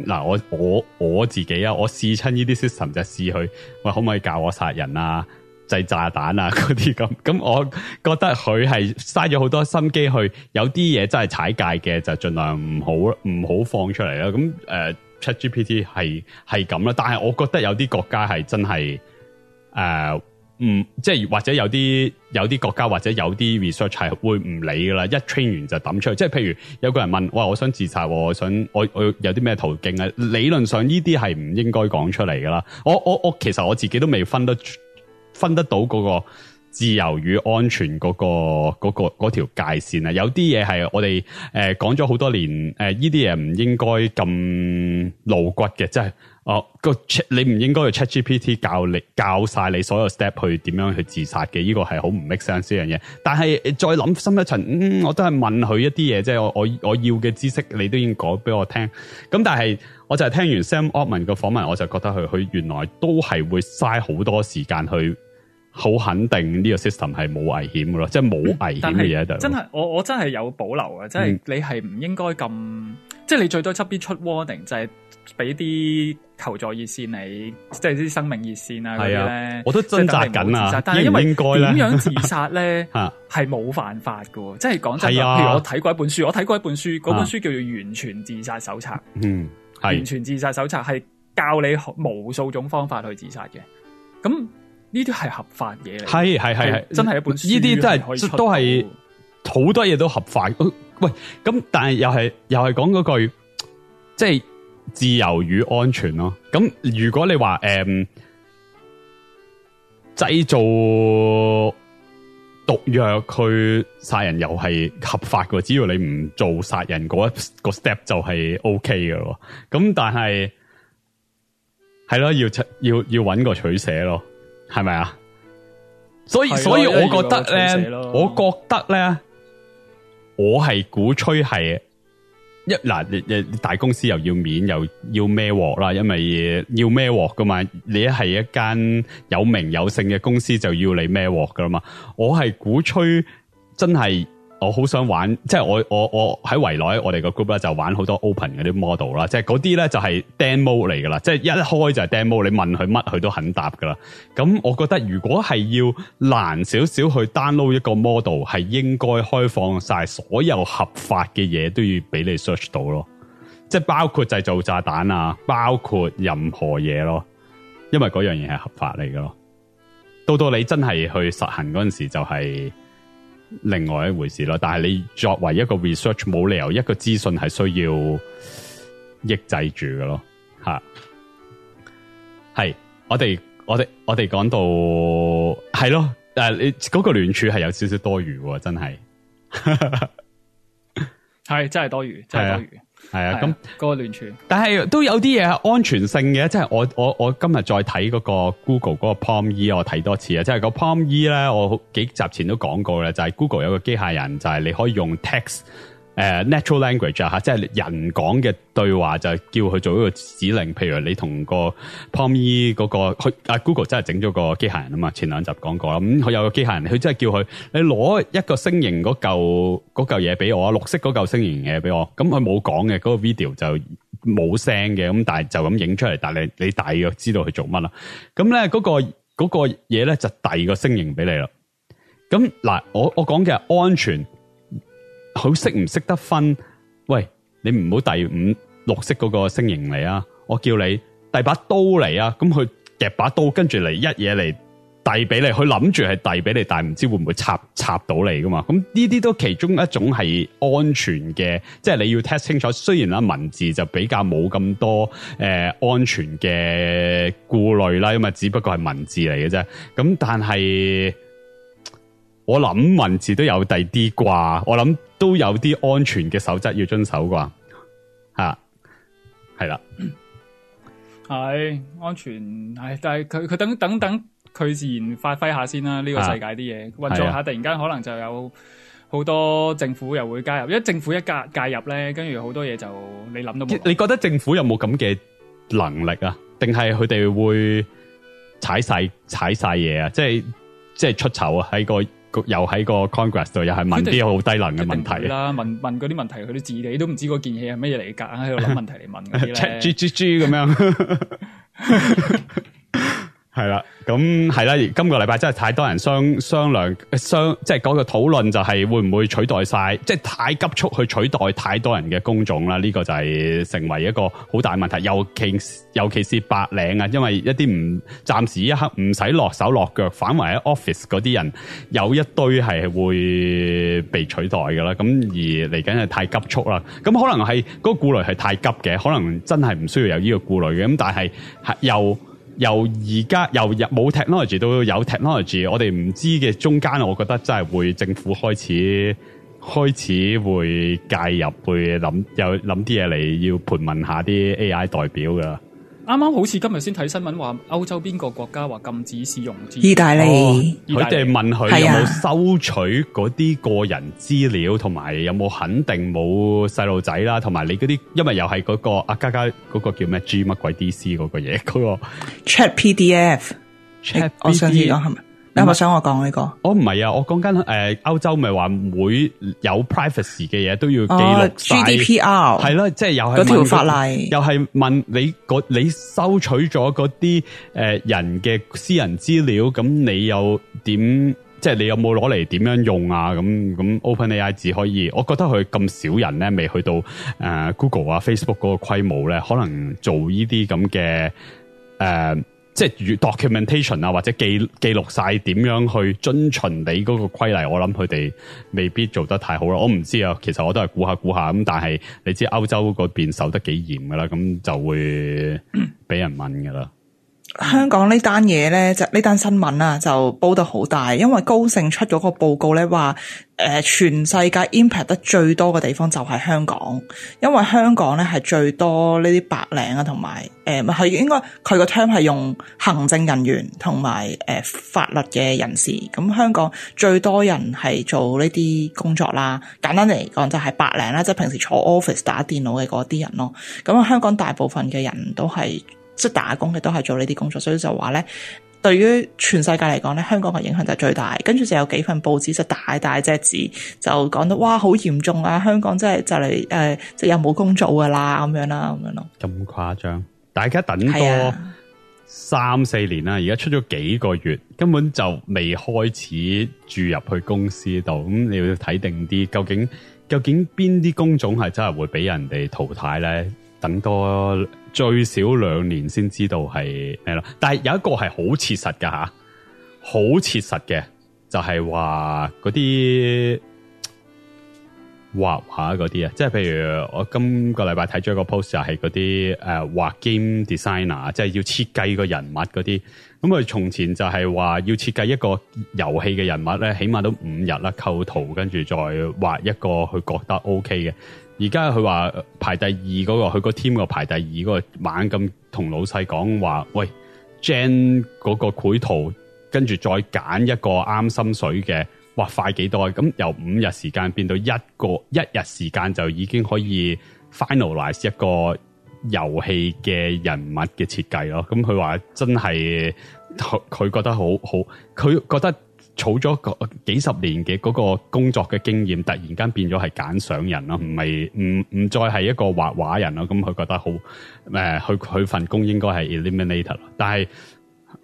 嗱、啊，我我我自己啊，我試親呢啲 system 就試佢，喂，可唔可以教我殺人啊、製炸彈啊嗰啲咁，咁 [LAUGHS] 我覺得佢係嘥咗好多心機去，有啲嘢真係踩界嘅，就盡量唔好唔好放出嚟啦。咁誒，ChatGPT 係係咁啦，但係我覺得有啲國家係真係誒。呃唔即係或者有啲有啲國家或者有啲 research 係會唔理噶啦，一 train 完就抌出去。即係譬如有個人問：我我想自殺，我想我我有啲咩途徑啊？理論上呢啲係唔應該講出嚟噶啦。我我我其實我自己都未分得分得到嗰個自由與安全嗰個嗰個嗰條界線啊。有啲嘢係我哋誒講咗好多年，誒呢啲嘢唔應該咁露骨嘅，即係。哦，那個 Chat 你唔應該去 ChatGPT 教你教晒你所有 step 去點樣去自殺嘅，呢、呢個係好唔 make sense 呢樣嘢。但係你再諗深一層，嗯，我都係問佢一啲嘢，即係我我我要嘅知識，你都已經講俾我聽。咁但係，我就係聽完 Sam Altman 個訪問，我就覺得佢佢原來都係會嘥好多時間去好肯定呢個 system 係冇危險噶咯，即係冇危險嘅嘢就是，真係我我真係有保留啊！即係，嗯、你係唔應該咁。即係你最多側邊出 warning，就係俾啲求助熱線你，你即係啲生命熱線啊咁樣咧。我都掙扎緊啊，但係因為點樣自殺咧，係冇 [LAUGHS] 犯法噶。即係講真、啊、譬如我睇過一本書，我睇過一本書，嗰、啊、本書叫做《完全自殺手冊》。嗯，係。完全自殺手冊係教你無數種方法去自殺嘅。咁呢啲係合法嘢嚟，係係係，真係一本書。呢啲都係都係好多嘢都合法。喂，咁但係又係又係講嗰句，即係自由與安全咯，啊。咁如果你話誒製造毒藥去殺人又係合法嘅，只要你唔做殺人嗰一個 step 就係 OK 嘅。咁但係係咯，要要要揾個取捨咯，係咪啊？所以所以我覺得咧，我覺得咧。我係鼓吹係一嗱，你你大公司又要面又要孭鑊啦，因為要孭鑊㗎嘛，你係一間有名有姓嘅公司就要你孭鑊㗎啦嘛，我係鼓吹真係。我好想玩，即係我我我喺圍內，我哋個 group 咧就玩好多 open 嗰啲 model 啦，即係嗰啲咧就係 demo 嚟噶啦，即係一開就係 demo，你問佢乜佢都肯答噶啦。咁我覺得如果係要難少少去 download 一個 model，係應該開放晒所有合法嘅嘢都要俾你 search 到咯，即係包括製造炸彈啊，包括任何嘢咯，因為嗰樣嘢係合法嚟噶咯。到到你真係去實行嗰陣時，就係。另外一回事咯，但係你作為一個 research，冇理由一個資訊係需要抑制住嘅咯，吓。係我哋我哋我哋講到係咯，但係你嗰個聯署係有少少多餘，真係係真係多餘，真係多餘。係啊，咁個聯署，但係都有啲嘢係安全性嘅，即係我我我今日再睇嗰個 Google 嗰個 Palm E，我睇多次啊，即係個 Palm E 咧，我幾集前都講過咧，就係 Google 有個機械人，就係你可以用 text。誒、uh，natural language 啊吓，即係人講嘅對話就係叫佢做一個指令。譬如你同個 Pommy 嗰、那個去啊，Google 真係整咗個機械人啊嘛。前兩集講過啦，咁佢有個機械人，佢、嗯、真係叫佢你攞一個星形嗰嚿嘢俾我，綠色嗰嚿星形嘢俾我。咁佢冇講嘅嗰個 video 就冇聲嘅，咁但係就咁影出嚟。但係你你大約知道佢做乜啦？咁咧嗰個、那個嘢咧就第二個星形俾你啦。咁嗱，我我講嘅係安全。佢識唔識得分？喂，你唔好第五六色嗰個星形嚟啊！我叫你遞把刀嚟啊！咁佢夾把刀，跟住嚟一嘢嚟遞俾你。佢諗住係遞俾你，但係唔知會唔會插插到你噶嘛？咁呢啲都其中一種係安全嘅，即係你要 test 清楚。雖然啦，文字就比較冇咁多誒安全嘅顧慮啦，因為只不過係文字嚟嘅啫。咁但係。我諗文字都有第啲啩，我諗都有啲安全嘅守則要遵守啩，吓係啦，係安全係，但係佢佢等等等，佢自然發揮下先啦，啊。呢、啊呢個世界啲嘢運作下，突然間可能就有好多政府又會介入，因為政府一介介入咧，跟住好多嘢就你諗到冇。你覺得政府有冇咁嘅能力啊？定係佢哋會踩晒踩晒嘢啊？即係即係出醜啊？喺個。又喺個 Congress 度又係問啲好低能嘅問題啦， [LAUGHS] 問問嗰啲問題他都，佢哋自己都唔知嗰件嘢係乜嘢嚟，夾硬喺度諗問題嚟問啲咧，豬豬豬咁樣。係啦、啊，咁係啦，今個禮拜真係太多人商商量，商即係嗰個討論就係會唔會取代晒，即、就、係、是、太急速去取代太多人嘅工種啦。呢、這個就係成為一個好大問題，尤其尤其是白領啊，因為一啲唔暫時一刻唔使落手落腳，反為喺 office 嗰啲人有一堆係會被取代噶啦。咁而嚟緊係太急促啦，咁可能係嗰、那個顧慮係太急嘅，可能真係唔需要有呢個顧慮嘅。咁但係又。由而家由入冇 technology 到有 technology，我哋唔知嘅中間，我覺得真係會政府開始開始會介入，會諗有諗啲嘢嚟要盤問下啲 AI 代表噶。啱啱好似今日先睇新聞話，歐洲邊個國家話禁止使用意大利，佢，哦，哋問佢有冇收取嗰啲個人資料，同埋，啊，有冇肯定冇細路仔啦，同埋你嗰啲，因為又係嗰，嗰個阿嘉嘉嗰個叫咩 G 乜鬼 DC 嗰個嘢，嗰，嗰個 Chat PDF，Chat PDF 我上次係咪有冇想我講呢、這個？我唔係啊，我講緊誒歐洲咪話每有 privacy 嘅嘢都要記錄。G D P R 係咯，即係、啊就是、又係嗰條法例，又係問你你收取咗嗰啲誒人嘅私人資料，咁你,你又點即係你有冇攞嚟點樣用啊？咁咁 OpenAI 只可以，我覺得佢咁少人咧，未去到誒、呃、Google 啊 Facebook 嗰個規模咧，可能做呢啲咁嘅誒。呃即係 documentation 啊，或者記記錄晒點樣去遵循你嗰個規例，我諗佢哋未必做得太好啦。我唔知啊，其實我都係估下估下咁，但係你知歐洲嗰邊守得幾嚴噶啦，咁就會俾人問噶啦。嗯嗯、香港呢單嘢呢，就呢單新聞啦，就煲得好大，因為高盛出咗個報告呢，話、呃、誒全世界 impact 得最多嘅地方就係香港，因為香港呢係最多呢啲白領啊，同埋誒佢應該佢個 term 係用行政人員同埋誒法律嘅人士，咁香港最多人係做呢啲工作啦。簡單嚟講就係白領啦，即係平時坐 office 打電腦嘅嗰啲人咯。咁啊，香港大部分嘅人都係。即係打工嘅都係做呢啲工作，所以就話咧，對於全世界嚟講咧，香港嘅影響就最大。跟住就有幾份報紙就大大隻字就講到，哇，好嚴重啊！香港真係、呃、就嚟誒，即係有冇工做噶啦，咁樣啦，咁樣咯。咁誇張，大家等多三四年啦，而家出咗幾個月，根本就未開始注入去公司度。咁你要睇定啲，究竟究竟邊啲工種係真係會俾人哋淘汰咧？等多。最少兩年先知道係咩咯，但係有一個係好切實嘅吓，好切實嘅就係話嗰啲畫畫嗰啲啊，即係、就是、譬如我今個禮拜睇咗一個 post 就係嗰啲誒畫 game designer，即係要設計個人物嗰啲，咁佢從前就係話要設計一個遊戲嘅人物咧，起碼都五日啦，構圖跟住再畫一個佢覺得 OK 嘅。而家佢話排第二嗰個，佢個 team 個排第二嗰個猛咁同老細講話，喂 Jane 嗰個繪圖，跟住再揀一個啱心水嘅，哇快幾多？咁由五日時間變到一個一日時間就已經可以 finalize 一個遊戲嘅人物嘅設計咯。咁佢話真係佢佢覺得好好，佢覺得。儲咗幾十年嘅嗰個工作嘅經驗，突然間變咗係揀賞人咯，唔係唔唔再係一個畫畫人咯，咁佢覺得好誒，佢、呃、佢份工應該係 eliminated，但係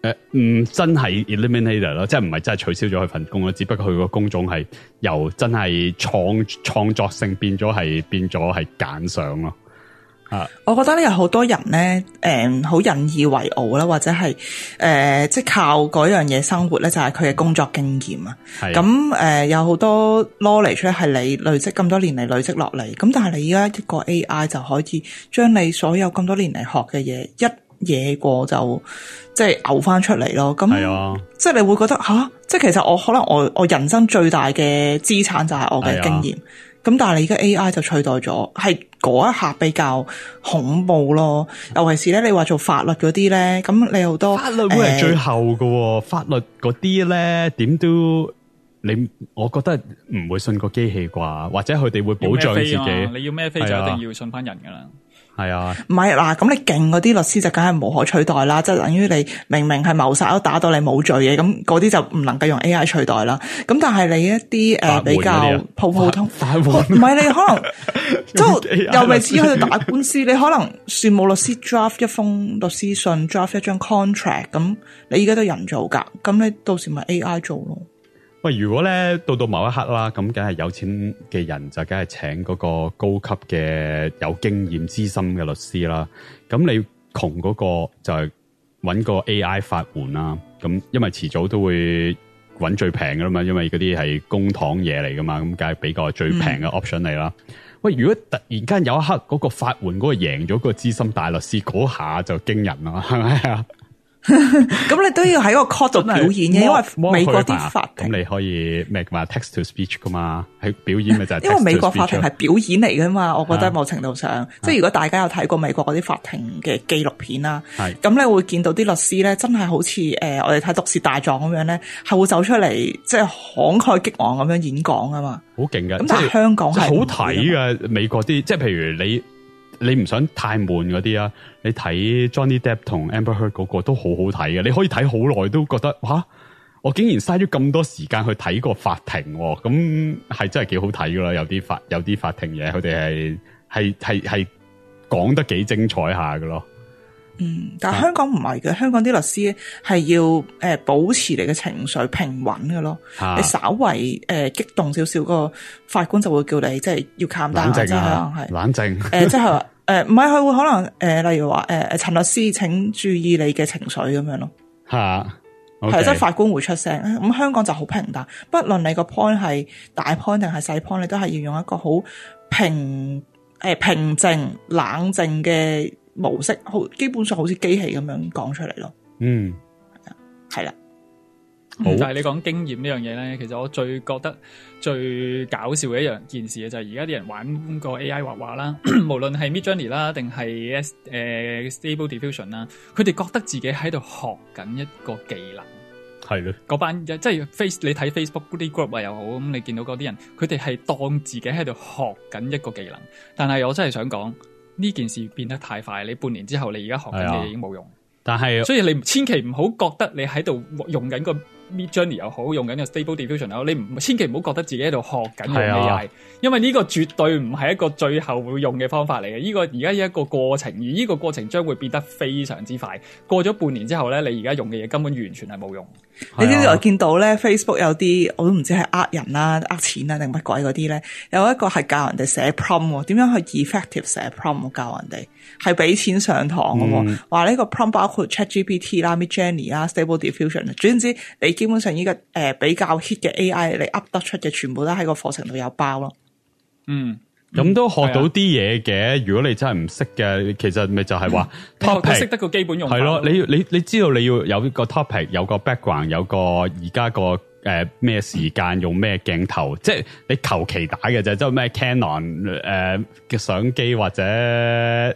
誒唔真係 eliminated 咯，即係唔係真係取消咗佢份工咯，只不過佢個工種係由真係創創作性變咗係變咗係揀賞咯。啊、我覺得咧有好多人咧，誒、嗯，好引以為傲啦，或者係誒、呃，即係靠嗰樣嘢生活咧，就係佢嘅工作經驗啊。咁誒、呃，有好多 knowledge 係你累積咁多年嚟累積落嚟，咁但係你而家一個 AI 就可以將你所有咁多年嚟學嘅嘢一嘢過就即係嘔翻出嚟咯。咁，即係、啊、你會覺得吓、啊，即係其實我可能我我人生最大嘅資產就係我嘅經驗。咁但係你而家 AI 就取代咗，係嗰一下比較恐怖咯。尤其是咧，你話做法律嗰啲咧，咁你好多法律，都係最後噶、欸、法律嗰啲咧，點都你我覺得唔會信個機器啩，或者佢哋會保障自己。要啊、你要咩飛就一定要信翻人噶啦。係啊，唔係嗱，咁你勁嗰啲律師就梗係無可取代啦，即係等於你明明係謀殺都打到你冇罪嘅，咁嗰啲就唔能夠用 AI 取代啦。咁但係你一啲誒比較普普，普通，唔係你可能即係 [LAUGHS] 又未至於去打官司，你可能算冇律師 draft 一封律師信，draft 一張 contract，咁你依家都人做噶，咁你到時咪 AI 做咯。喂，如果咧到到某一刻啦，咁梗係有錢嘅人就梗係請嗰個高級嘅有經驗資深嘅律師啦。咁你窮嗰個就係揾個 AI 法援啦。咁因為遲早都會揾最平噶啦嘛，因為嗰啲係公帑嘢嚟噶嘛。咁梗係俾個最平嘅 option 你啦、嗯。喂，如果突然間有一刻嗰、嗰個法援嗰個贏咗個資深大律師嗰下就驚人啦，係咪啊？咁 [LAUGHS] [LAUGHS] 你都要喺個 court 度表演嘅，因為美國啲法庭，咁你可以 make 埋 text to speech 噶嘛。喺表演嘅就係因為美國法庭係表演嚟噶嘛，我覺得某程度上，即係如果大家有睇過美國嗰啲法庭嘅紀錄片啦，咁你會見到啲律師咧真係好似誒，我哋睇《毒舌大狀》咁樣咧，係會走出嚟即係慷慨激昂咁樣演講㗎嘛，好勁噶，咁但係香港係好睇噶，美國啲即係譬如你。你唔想太悶嗰啲啊？你睇 Johnny Depp 同 Amber Heard 嗰個都好好睇嘅，你可以睇好耐都覺得，吓、啊，我竟然嘥咗咁多時間去睇個法庭喎、哦，咁係真係幾好睇噶啦，有啲法有啲法庭嘢，佢哋係係係係講得幾精彩下噶咯。嗯，但香港唔係嘅，香港啲律師係要誒、呃、保持你嘅情緒平穩嘅咯、啊，你稍為誒、呃、激動少少，個法官就會叫你即係、就是、要 calm down 即係可能係冷靜、啊，誒即係話誒唔係佢會可能誒、呃、例如話誒誒陳律師，請注意你嘅情緒咁樣咯，係啊，係即係法官會出聲，咁、嗯、香港就好平淡，不論你個 point 係大 point 定係細 point，你都係要用一個好平誒、呃、平靜冷靜嘅。模式好，基本上好似機器咁樣講出嚟咯。嗯，係啦。好，就係你講經驗呢樣嘢咧，其實我最覺得最搞笑嘅一樣件事嘅就係而家啲人玩個 AI 畫畫、嗯、 [COUGHS] 啦，無論係 Midjourney 啦，定係 S 誒 Stable Diffusion 啦，佢哋覺得自己喺度學緊一個技能，係咯。嗰班即係 Face，你睇 Facebook Group 啊又好，咁你見到嗰啲人，佢哋係當自己喺度學緊一個技能，但係我真係想講。呢件事變得太快，你半年之後，你而家學緊嘅嘢已經冇用是、啊。但係，所以你千祈唔好覺得你喺度用緊個 Midjourney 又好，用緊個 Stable Diffusion 又好，你唔千祈唔好覺得自己喺度學緊用嘅嘢，因為呢個絕對唔係一個最後會用嘅方法嚟嘅。呢、呢個而家有一個過程，而呢個過程將會變得非常之快。過咗半年之後咧，你而家用嘅嘢根本完全係冇用。你知我見到咧、啊、，Facebook 有啲我都唔知係呃人啦、呃錢啦定乜鬼嗰啲咧，有一個係教人哋寫 prompt，點樣去 effective 寫 prompt 教人哋，係俾錢上堂喎。話、嗯、呢個 prompt 包括 ChatGPT 啦、MidJourney 啦、Stable Diffusion，總之你基本上依個誒比較 hit 嘅 AI，你 up 得出嘅全部都喺個課程度有包咯，嗯。咁、嗯、都學到啲嘢嘅，如果你真係唔識嘅，其實咪就係話 [LAUGHS] topic 識得個基本用法。係、嗯、咯，你你你知道你要有個 topic，有個 background，有個而家個誒咩時間用咩鏡頭，即、就、係、是、你求其打嘅啫，即係咩 Canon 誒、呃、嘅相機或者。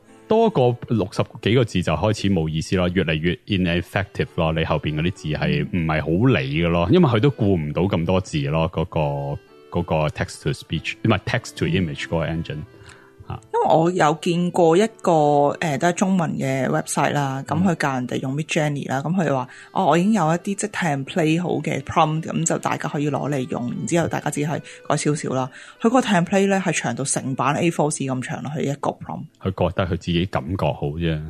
多過六十幾個字就開始冇意思咯，越嚟越 ineffective 咯。你後面嗰啲字係唔係好理㗎咯？因為佢都顧唔到咁多字咯。嗰個嗰個 text to speech 唔係 text to image 嗰個 engine。因為我有見過一個誒，都、呃、係中文嘅 website 啦，咁、嗯、佢、嗯、教人哋用 Midjourney 啦、嗯，咁佢話哦，我已經有一啲即係 template 好嘅 prompt，咁就大家可以攞嚟用，然之後大家只係改少少啦。佢個 template 咧，係長到成版 A4 紙咁長啦，佢一個 prompt 佢覺得佢自己感覺好啫，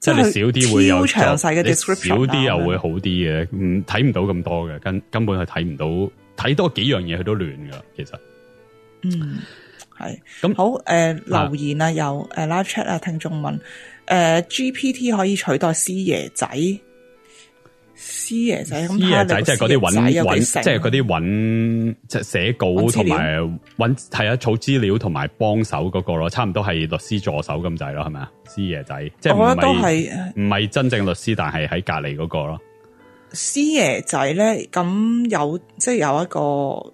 即係你少啲會有詳細嘅 description，少啲又會好啲嘅。嗯，睇唔到咁多嘅，根根本係睇唔到，睇多幾樣嘢佢都亂噶，其實，嗯。係咁好誒、呃，留言啊，有誒 live chat 啊，呃、聽眾問誒、呃、GPT 可以取代師爺仔？師爺仔咁，師爺仔即係啲搵搵，即係啲搵即係寫稿同埋搵係啊，儲資料同埋幫手個咯，差唔多係律師助手咁滯咯，係咪啊？師爺仔即係我覺得都係唔係真正律師，但係喺隔籬個咯。師爺仔咧，咁有即係有一個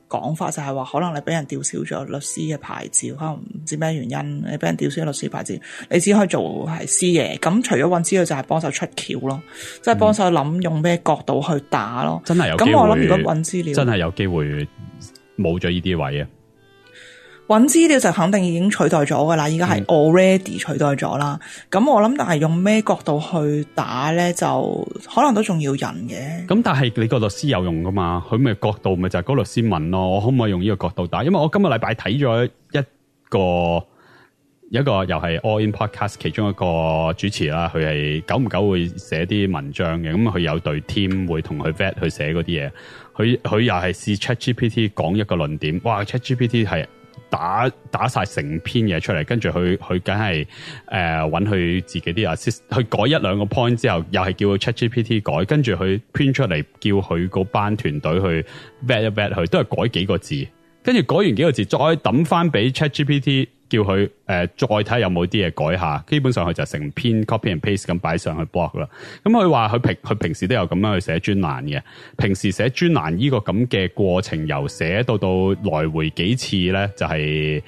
講法，就係話可能你俾人吊銷咗律師嘅牌照，可能唔知咩原因，你俾人吊銷律師牌照，你只可以做係師爺。咁除咗揾資料就幫，嗯，就係幫手出橋咯，即係幫手諗用咩角度去打咯。真係有機會，咁我諗如果揾資料，真係有機會冇咗呢啲位啊。揾資料就肯定已經取代咗噶啦，依家係 already 取代咗啦。咁、嗯、我諗，但係用咩角度去打咧，就可能都仲要人嘅。咁但係你個律師有用噶嘛？佢咪角度咪就係嗰律師問咯，我可唔可以用呢個角度打？因為我今個禮拜睇咗一個，一個又係 all in podcast 其中一個主持啦。佢係久唔久會寫啲文章嘅，咁佢有對 team 會同佢 vet 去寫嗰啲嘢。佢佢又係試 Chat GPT 講一個論點，哇！Chat GPT 係。打打晒成篇嘢出嚟，跟住佢佢梗係誒揾佢自己啲 assist，去改一兩個 point 之後，又係叫佢 ChatGPT 改，跟住佢 print 出嚟，叫佢班團隊去 vet 一 vet 佢都係改幾個字，跟住改完幾個字再抌翻俾 ChatGPT。Check GPT 叫佢誒、呃、再睇下有冇啲嘢改下，基本上佢就成篇 copy and paste 咁擺上去 blog 啦。咁佢話佢平佢平時都有咁樣去寫專欄嘅，平時寫專欄呢個咁嘅過程由寫到到來回幾次咧，就係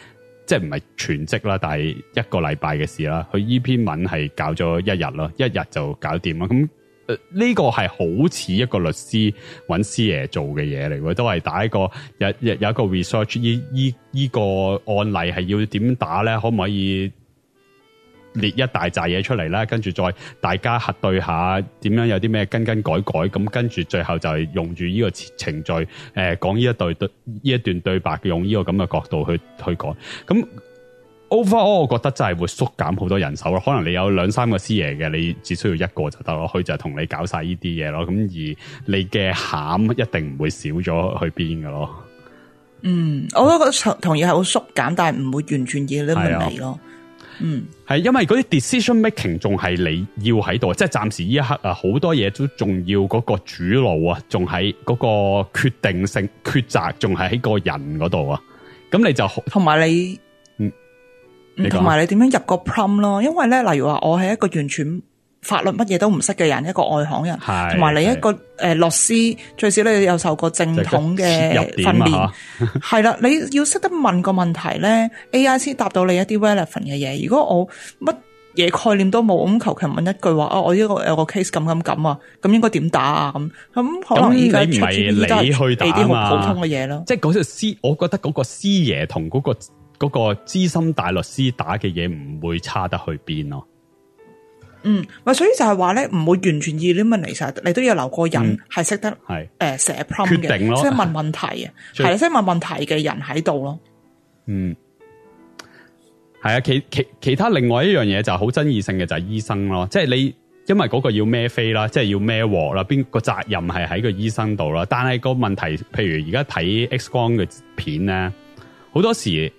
即係唔係全職啦，但係一個禮拜嘅事啦。佢依篇文係搞咗一日咯，一日就搞掂啦。咁、嗯。呢、呃呢個係好似一個律師揾師爺做嘅嘢嚟，佢都係打一個有有一個 research 呢呢、呢個案例係要點打咧，可唔可以列一大紮嘢出嚟咧？跟住再大家核對下，點樣有啲咩跟跟改改，咁、嗯、跟住最後就係用住呢個程序誒、呃，講呢一對對呢一段對白，用呢個咁嘅角度去去講咁。嗯 Overall, 我覺得真係會縮減好多人手咯。可能你有兩三個師爺嘅，你只需要一個就得咯。佢就同你搞晒呢啲嘢咯。咁而你嘅餡一定唔會少咗去邊㗎咯。嗯，我都覺得同樣係會縮減，但係唔會完全嘢你唔嚟咯。嗯，係因為嗰啲 decision making 仲係你要喺度，即係暫時呢一刻啊，好多嘢都仲要嗰個主腦啊，仲喺嗰個決定性、抉擇，仲係喺個人嗰度啊。咁你就同埋你。同埋你點樣入個 prompt 咯？因為咧，例如話我係一個完全法律乜嘢都唔識嘅人，一個外行人，同埋你一個誒、呃、律師，最少你有受過正統嘅訓練，係啦，你要識得問個問題咧 [LAUGHS] ，A I 先答到你一啲 relevant 嘅嘢。如果我乜嘢概念都冇，咁求其問一句話、啊、我呢、呢個有個 case 咁咁咁啊，咁應該點打啊？咁咁可能而家出而家去打好、那個、普通嘅嘢咯。即係嗰我覺得嗰個師爺同嗰個。嗰、那個資深大律師打嘅嘢唔會差得去邊咯。嗯，咪所以就係話咧，唔會完全 eliminate 晒，你都要留個人係識得係誒寫 prompt 嘅，即係、嗯嗯、問問題嘅，係啦，即係問問題嘅人喺度咯。嗯，係啊，其其其他另外一樣嘢就係好爭議性嘅就係醫生咯，即係你因為嗰個要孭飛啦，即係要孭鑊啦，邊個責任係喺個醫生度啦？但係個問題，譬如而家睇 X 光嘅片咧，好多時。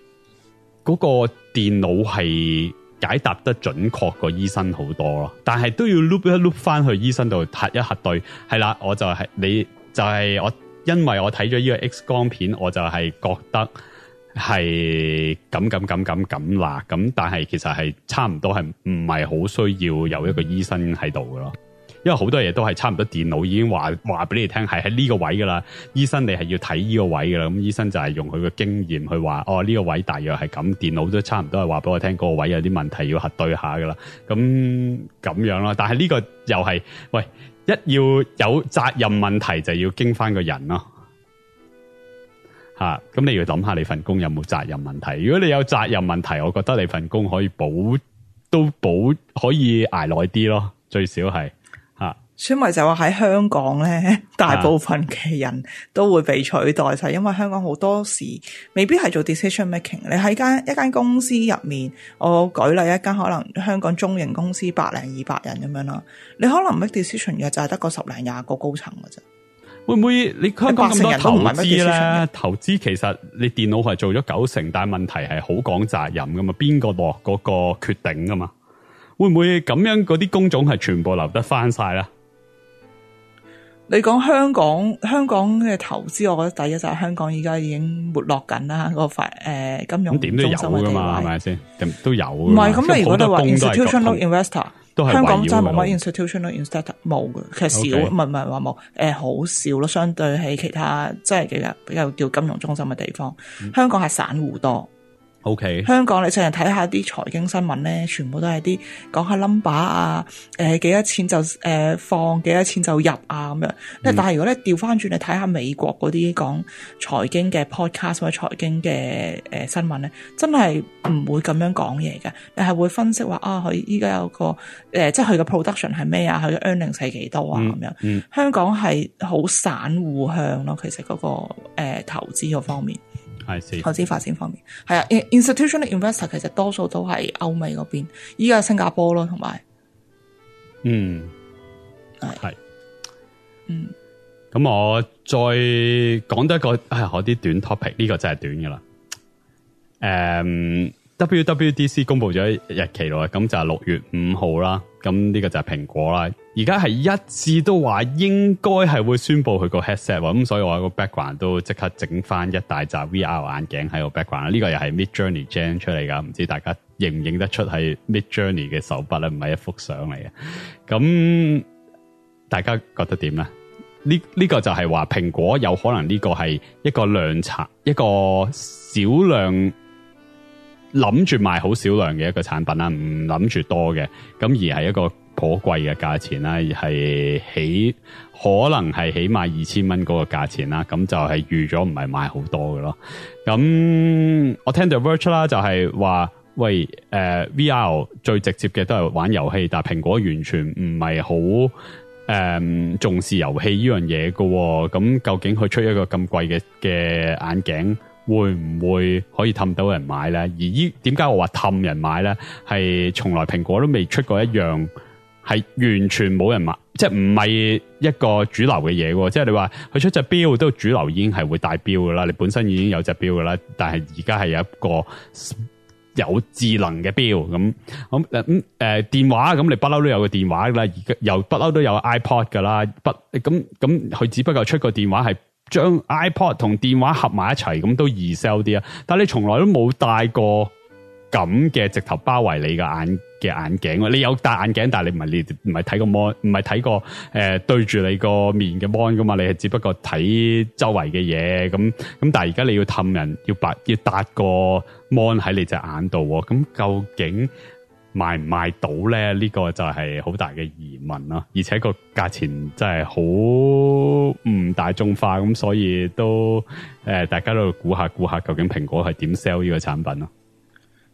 嗰、那個電腦係解答得準確過醫生好多咯，但係都要 loop 一 loop 返去醫生度核一核對。係啦，我就係、是、你就係、是、我，因為我睇咗呢個 X 光片，我就係覺得係咁咁咁咁咁啦。咁但係其實係差唔多，係唔係好需要有一個醫生喺度嘅咯？因為好多嘢都係差唔多，電腦已經話話俾你聽係喺呢個位噶啦。醫生你係要睇呢個位噶啦，咁醫生就係用佢嘅經驗去話哦呢個位大約係咁，電腦都差唔多係話俾我聽嗰個位有啲問題要核對下噶啦。咁咁樣咯，但係呢個又係喂，一要有責任問題就要經返個人咯。吓、啊，咁你要諗下你份工有冇責任問題。如果你有責任問題，我覺得你份工可以保都保可以捱耐啲咯，最少係。所以咪就話喺香港咧，大部分嘅人都會被取代晒，就是，因為香港好多時未必係做 decision making。你喺間一間公司入面，我舉例一間可能香港中型公司百零二百人咁樣啦，你可能 make decision 嘅就係得個十零廿個高層噶啫。會唔會你香港咁多投資咧？投資其實你電腦係做咗九成，但係問題係好講責任噶嘛？邊個喎？嗰個決定噶嘛？會唔會咁樣嗰啲工種係全部留得翻晒咧？你講香港，香港嘅投資，我覺得第一就係香港依家已經沒落緊啦。那個誒、呃，金融中點都有噶係咪先？都都有。唔係咁，如果你話 institutional investor，香港真係冇 institutional investor，冇嘅，其實少，唔係唔係話冇，誒、呃，好少咯。相對喺其他即係其實比較叫金融中心嘅地方，香港係散戶多。嗯 O.K. 香港你淨係睇下啲財經新聞咧，全部都係啲講下 number 啊，誒、呃、幾多錢就誒放幾多錢就入啊咁樣。但係如果咧調翻轉，你睇下美國嗰啲講財經嘅 podcast 或者財經嘅誒、呃、新聞咧，真係唔會咁樣講嘢嘅。你係會分析話啊，佢依家有個誒、呃，即係佢嘅 production 係咩啊，佢嘅 earnings 係幾多啊咁樣，嗯嗯。香港係好散戶向咯，其實嗰、那個誒、呃、投資嗰方面。投資發展方面，係啊，institutional investor 其實多數都係歐美嗰邊，依家新加坡咯，同埋，嗯，係，嗯，咁我再講多一個，唉，好啲短 topic，呢個真係短噶啦，誒，um，WWDC 公布咗日期咯，咁就係六月五號啦，咁呢個就係蘋果啦。而家係一致都話應該係會宣布佢個 headset 喎，咁所以我個 background 都即刻整翻一大紮 VR 眼鏡喺個 background 呢個又係 Mid Journey、Gen、出嚟噶，唔知大家認唔認得出係 Mid Journey 嘅手筆咧？唔係一幅相嚟嘅。咁大家覺得點咧？呢呢個就係話蘋果有可能呢個係一個量產、一個少量諗住賣好少量嘅一個產品啦，唔諗住多嘅，咁而係一個。頗貴嘅價錢啦，係起可能係起碼二千蚊嗰個價錢啦，咁就係預咗唔係買好多嘅咯。咁我聽啲 virtual 啦，就係、是、話喂，誒、呃、VR 最直接嘅都係玩遊戲，但係蘋果完全唔係好誒重視遊戲呢樣嘢喎。咁究竟佢出一個咁貴嘅嘅眼鏡，會唔會可以氹到人買咧？而依點解我話氹人買咧？係從來蘋果都未出過一樣。係完全冇人買，即係唔係一個主流嘅嘢喎。即係你話佢出隻表都主流已經係會戴表噶啦，你本身已經有隻表噶啦。但係而家係有一個有智能嘅表咁咁誒，誒、嗯嗯呃、電話，咁你不嬲都有個電話噶啦，而家又不嬲都有 iPod 噶啦。不咁咁佢只不過出個電話係將 iPod 同電話合埋一齊，咁都易 sell 啲啊。但係你從來都冇戴過咁嘅直頭包圍你嘅眼鏡嘅眼鏡，你有戴眼鏡，但係你唔係你唔係睇個 mon，唔係睇個誒、呃、對住你個面嘅 mon 噶嘛，你係只不過睇周圍嘅嘢咁咁。但係而家你要氹人，要白要搭個 mon 喺你隻眼度喎。咁究竟賣唔賣到咧？呢、這個就係好大嘅疑問啦、啊。而且個價錢真係好唔大眾化，咁所以都誒、呃，大家都估下估下，究竟蘋果係點 sell 呢個產品咯、啊？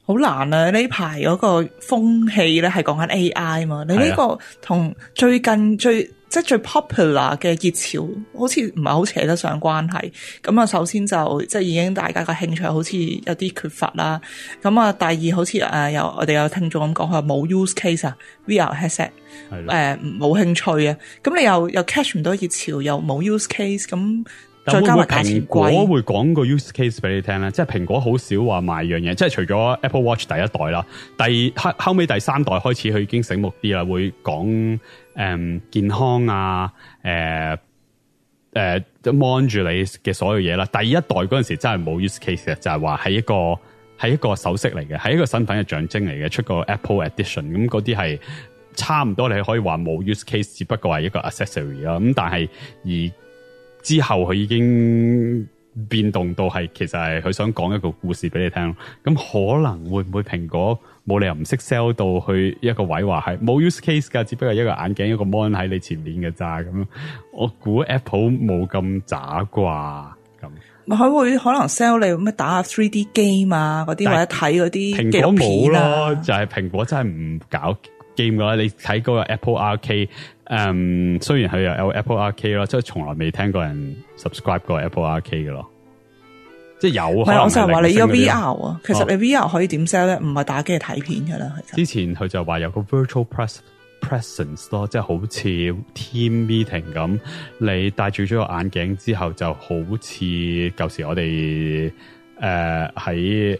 好難啊！呢排，嗰個風氣咧，係講緊 AI 嘛，你呢個同最近最即係最 popular 嘅熱潮，好似唔係好扯得上關係。咁啊，首先就即係已經大家個興趣好似有啲缺乏啦。咁啊，第二好似誒、有、呃、我哋有聽眾咁講，佢話冇 use case 啊，VR headset，誒冇、呃、興趣啊。咁你又又 catch 唔到熱潮，又冇 use case，咁。再加上，蘋果會講個 use case 俾你聽咧，即係蘋果好少話賣樣嘢，即係除咗 Apple Watch 第一代啦，第後尾第三代開始佢已經醒目啲啦，會講誒、嗯、健康啊，誒誒 mon 住你嘅所有嘢啦。第一代嗰陣時真係冇 use case 嘅，就係話係一個係一個首飾嚟嘅，係一個身份嘅象徵嚟嘅，出個 Apple Edition 咁嗰啲係差唔多你可以話冇 use case，只不過係一個 accessory 啦。咁但係而。之後佢已經變動到係，其實係佢想講一個故事俾你聽。咁可能會唔會蘋果冇理由唔識 sell 到去一個位話係冇 use case 噶只不過一個眼鏡一個 mon 喺你前面嘅咋咁？我估 Apple 冇咁渣啩咁。佢會可能 sell 你咩打下 three D game 啊、嗰啲，或者睇嗰啲蘋果冇咯，啊、就係、是、蘋果真係唔搞。game 嘅話，你睇嗰個 Apple Arcade，誒、嗯，雖然佢有 Apple Arcade 咯，即係從來未聽過人 subscribe 過 Apple Arcade 嘅咯，即係有。唔係，我就係話你個 VR 啊，其實你 VR 可以點 sell 咧？唔、哦、係打機係睇片噶啦。之前佢就話有個 Virtual Pres Presence 咯，即係好似 team meeting 咁，你戴住咗個眼鏡之後，就好似舊時我哋誒喺。呃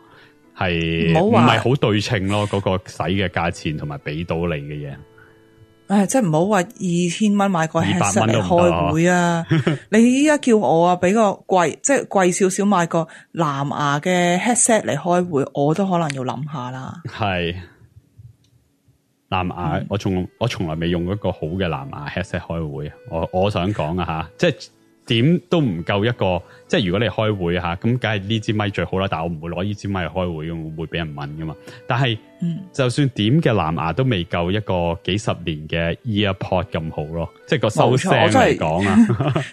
係唔好話唔係好對稱咯。嗰、那個使嘅價錢同埋俾到你嘅嘢，誒、哎，即係唔好話二千蚊買個 headset 嚟開會啊！ [LAUGHS] 你依家叫我啊，俾個貴，即係貴少少買個藍牙嘅 headset 嚟開會，我都可能要諗下啦。係藍牙，嗯、我從我從來未用過一個好嘅藍牙 headset 開會。我我想講啊，吓，即係點都唔夠一個。即係如果你開會吓，咁梗係呢支咪最好啦。但係我唔會攞呢支咪去開會嘅，我會俾人問噶嘛。但係、嗯，就算點嘅藍牙都未夠一個幾十年嘅 EarPod 咁好咯。即係個收聲嚟講啊，